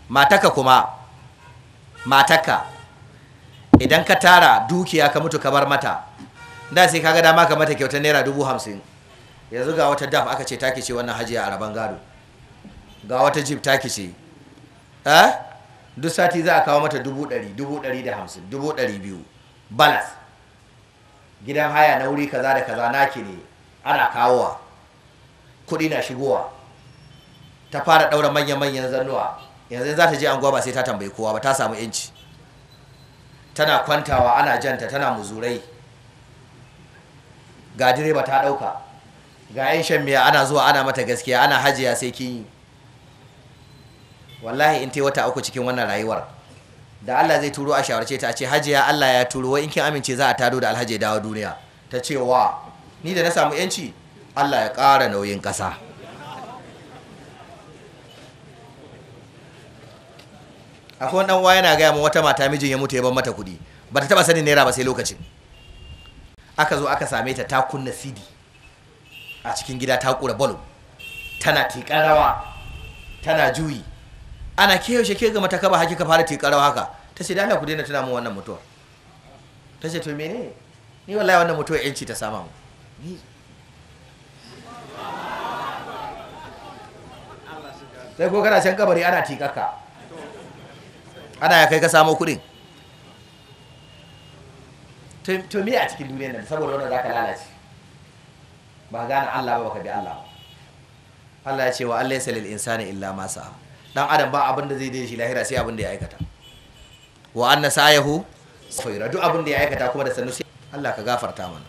mataka kuma mataka idan ka tara dukiya ka mutu ka bar mata da sai kaga dama ka mata kyautar naira dubu hamsin yanzu ga wata daf aka ce taki ce wannan hajiya a rabon gado ga wata jib taki ce eh? duk sati za a kawo mata dubu ɗari dubu ɗari da hamsin dubu ɗari biyu balas gidan haya na wuri kaza da kaza naki ne ana kawowa kuɗi na shigowa ta fara ɗaura manya-manyan zannuwa yanzu za ta je anguwa ba sai ta tambayi kowa ba ta samu yanci tana kwantawa ana janta tana muzurai ga direba ta ɗauka ga aishan shan miya ana zuwa ana mata gaskiya ana hajiya sai kin yi wallahi in tai wata uku cikin wannan rayuwar da Allah zai turo a shawarce ta a ce hajiya Allah ya turo wai in kin amince za a tado da alhaji dawo duniya ta ce wa ni da na samu yanci Allah ya ƙara nauyin ƙasa akwai ɗan uwa yana gaya min wata mata mijin ya mutu ya ban mata kuɗi bata ta taɓa sanin naira ba sai lokacin aka zo aka same ta ta kunna sidi a cikin gida ta kura bolo tana tiƙar rawa tana juyi ana ke yaushe ke gama ta kaba haki ka fara tiƙar haka ta ce dala ku daina tana mu wannan mutuwar ta ce to mene ni wallahi wannan mutuwar yanci ta sama mu sai ko kana can kabari ana tikaka ana ya kai ka samo kuɗin to me a cikin duniyar nan saboda wannan zaka lalace ba gane Allah ba baka bi Allah ba Allah ya ce wa Allah yasal lil insani illa ma sa'a dan adam ba abin da zai dai shi lahira sai abin da ya aikata wa anna sayahu sayra duk abin da ya aikata kuma da sanu sai Allah ka gafarta mana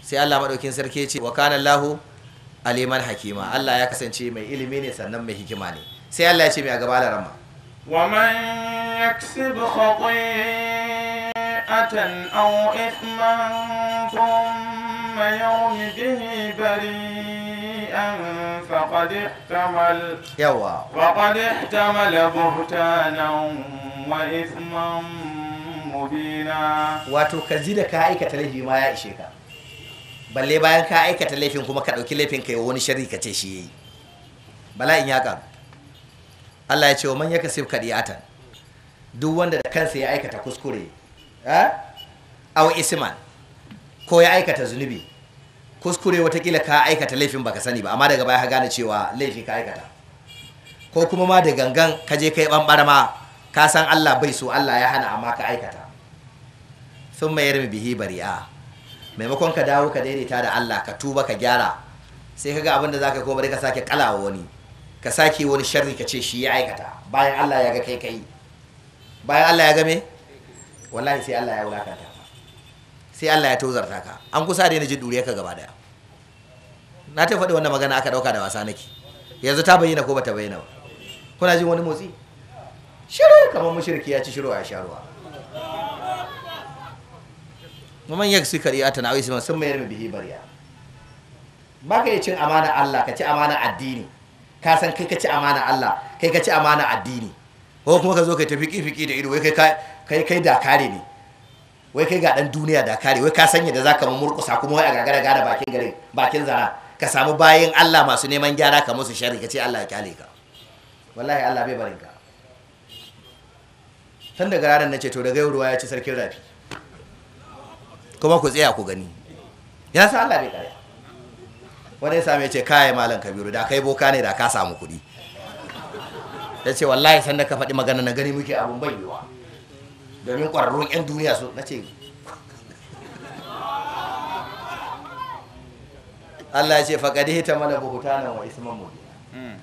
sai Allah madaukin sarki ce wa kana Allahu aliman hakima Allah ya kasance mai ilimi ne sannan mai hikima ne sai Allah ya ce mai a gaba larama wa man yaksib khati'atan aw ithman يوم يومه بريئا فقد احتمل يوا وقد احتمل بهتانا وإثما مبينا واتو كزيد كايكة تلهي ما يأشيكا balle bayan ka aikata laifin kuma ka ɗauki laifin ka yi wani shari ka ce shi yi bala'in ya ƙaru Allah ya ce wa man ya kasif kadiyatan duk wanda da kansa ya aikata kuskure eh aw isman ko ya aikata zunubi kuskure watakila ka aikata laifin baka sani ba amma daga baya ka gane cewa laifi ka aikata ko kuma ma da gangan ka je kai bambara ma ka san Allah bai so Allah ya hana amma ka aikata sun mayar bihi bari'a maimakon ka dawo ka daidaita da Allah ka tuba ka gyara sai kaga ga abin da zaka koma ka sake kalawa wani ka sake wani sharri ka ce shi ya aikata bayan Allah ya ga kai kai bayan Allah ya ga me wallahi sai Allah ya wulakata. sai Allah ya tozarta ka an kusa da yana jin dure ka gaba daya na ta faɗi wannan magana aka ɗauka da wasa nake yanzu ta bayyana ko bata bayyana ba kuna jin wani motsi shiru kamar mushriki ya ci shiru a sharuwa waman yaksi a aw isman sun mayar bihi bariya ba ka yi cin amana Allah ka ci amana addini ka san kai ka ci amana Allah kai ka ci amana addini ko kuma ka zo kai tafi fiki da ido kai kai da kare ne wai kai ga dan duniya da kare wai ka sanya da zaka murkusa kuma wai a gagara gara bakin gare bakin zara ka samu bayin Allah masu neman gyara ka musu sharri ka ce Allah ya kyale ka wallahi Allah bai barin ka tun daga ranar nace to daga yau ruwa ya ci sarkin rafi kuma ku tsaya ku gani ya san Allah bai kare wani ya same ce kai malam kabiru da kai boka ne da ka samu kuɗi ya ce wallahi sanda ka faɗi magana na gani muke abin bai domin kwararrun 'yan duniya su na ce Allah ya ce faƙaɗe ta mana na wa isman mu hmm.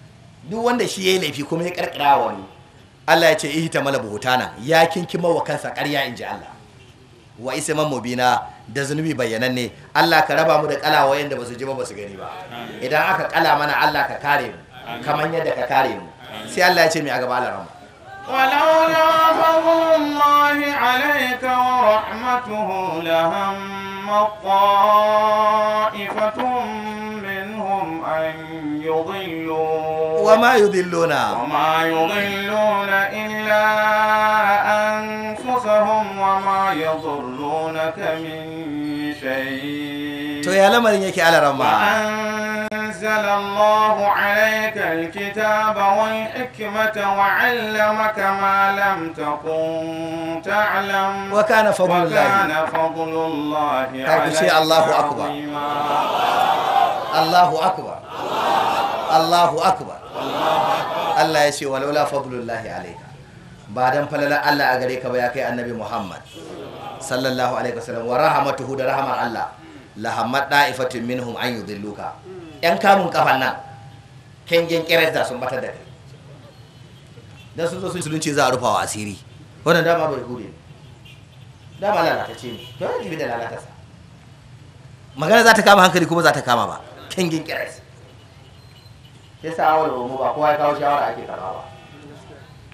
duk wanda shi ya yi laifi kuma ya wa wani Allah ya ce ihi ta mala na ya kinki wa kansa ƙarya in ji Allah wa isman mu bina da zunubi ne Allah ka raba mu da kala yanda ba su ji ba ba su gani ba idan aka kala mana Allah ka kare mu kamar yadda ka kare mu sai Allah ya ce mai a gaba alarama ولولا فضل الله عليك ورحمته لهم طائفة منهم أن يضلوا وما يضلون وما يضلون إلا أنفسهم وما يضرونك من شيء. تو يا لمرين يكي على رمى. أنزل الله عليك الكتاب والحكمة وعلمك ما لم تكن تعلم وكان فضل وكان الله وكان فضل الله عليك الله أكبر الله أكبر الله أكبر الله يسي ولولا فضل الله عليك بعدم فللا الله أغريك وياك النبي محمد صلى الله عليه وسلم ورحمته ده رحمة الله lahammat da'ifatin minhum an yudilluka yan kanun kafan nan kengen kirar da sun bata da kai dan sun zo sun sulunci za a rufa wa asiri wannan dama bai gure dama ce ne to ya jibi da lalatarsa magana za ta kama hankali kuma za ta kama ba kengen kirar sai sa awon romo ba kowa ya kawo shawara ake karawa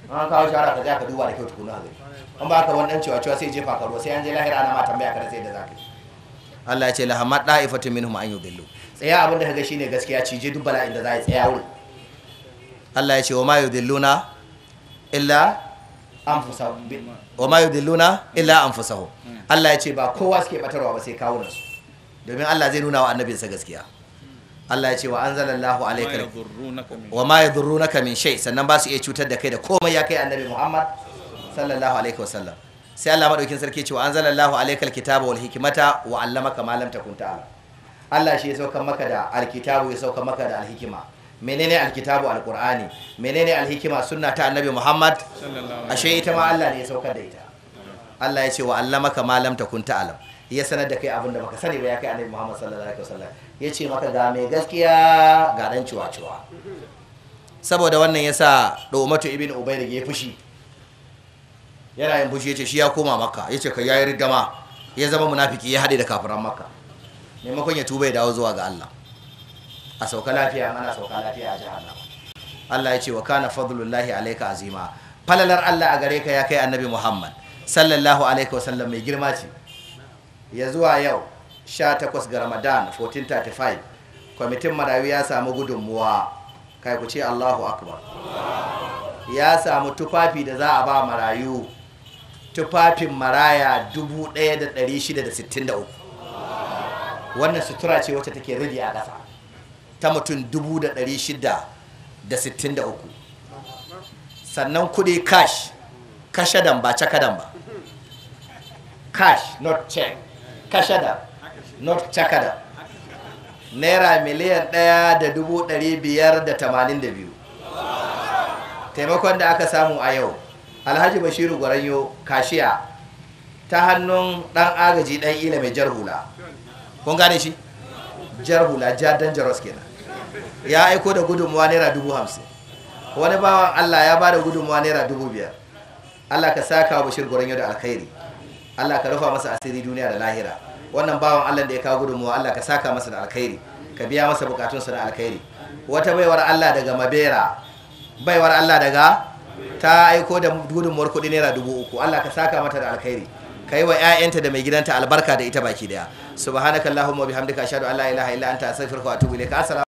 ba an kawo shawara ka za ka duba da kyau tukuna gari an ba ka wannan cewa cewa sai jefa ka ruwa sai an je lahira ana ma tambaya ka da sai da za ka yi Allah ya ce lahamma da'ifatu minhum an yubillu tsaya abin da shi shine gaskiya cije duk bala'in da za a tsaya wurin Allah ya ce wa ma dilluna illa anfusahum wa ma dilluna illa anfusahum Allah ya ce ba kowa suke batarwa ba sai kawo su domin Allah zai nuna wa annabinsa gaskiya Allah ya ce wa anzalallahu alayka wa ma yadurrunaka min shay sannan ba su iya cutar da kai da komai ya kai annabi Muhammad sallallahu alaihi sallam sai Allah madaukin sarki ce wa anzalallahu alaykal kitaba wal hikmata wa allamaka ma lam takun ta'lam Allah shi ya sauka maka da alkitabu ya sauka maka da alhikima menene alkitabu alqur'ani menene alhikima sunna ta annabi Muhammad ashe ita ma Allah ne ya sauka da ita Allah ya ce wa allamaka ma lam takun ta'lam ya sanar da kai abin da baka sani ba ya kai annabi Muhammad sallallahu alaihi wasallam ya ce maka ga mai gaskiya ga dan ciwa-ciwa saboda wannan yasa Umatu ibn ubayd da ya fushi yana yin fushi ya ce shi ya koma makka ya ce ka yayi rigama ya zama munafiki ya hade da kafiran makka maimakon ya tuba ya dawo zuwa ga Allah a sauka lafiya ana sauka lafiya a jahannama Allah ya ce wa kana fadlullahi alayka azima falalar Allah a gare ka ya kai annabi Muhammad sallallahu alaihi wasallam mai girma ce ya zuwa yau 18 ga Ramadan 1435 kwamitin marayu ya samu gudunmuwa kai ku ce Allahu akbar ya samu tufafi da za a ba marayu tufafin maraya 1663 wannan sutura ce wacce take rage a ƙasa ta mutum 663 sannan kuɗi cash kashadan ba cakadan ba cash not check kashadan not cakadan naira miliyan ɗaya da dubu taimakon da aka samu a yau alhaji bashiru gwaranyo kashiya ta hannun dan agaji dan ila mai jar hula kun gane shi jar hula ja dangerous kenan ya aiko da gudunmuwa naira dubu hamsin wani bawan allah ya ba da gudunmuwa naira dubu biyar allah ka saka wa bashir gurin yau da alkhairi allah ka rufa masa asiri duniya da lahira wannan bawan allah da ya kawo gudunmuwa allah ka saka masa da alkhairi ka biya masa bukatunsa da alkhairi wata baiwar allah daga mabera baiwar allah daga ta aiko da gudunmuwar kuɗi naira dubu uku allah ka saka mata da alkhairi ka yi wa 'ya'yanta da mai gidanta albarka da ita baki daya subhanakallahumma bihamdika ashhadu an la ilaha illa anta astaghfiruka wa atubu ilaik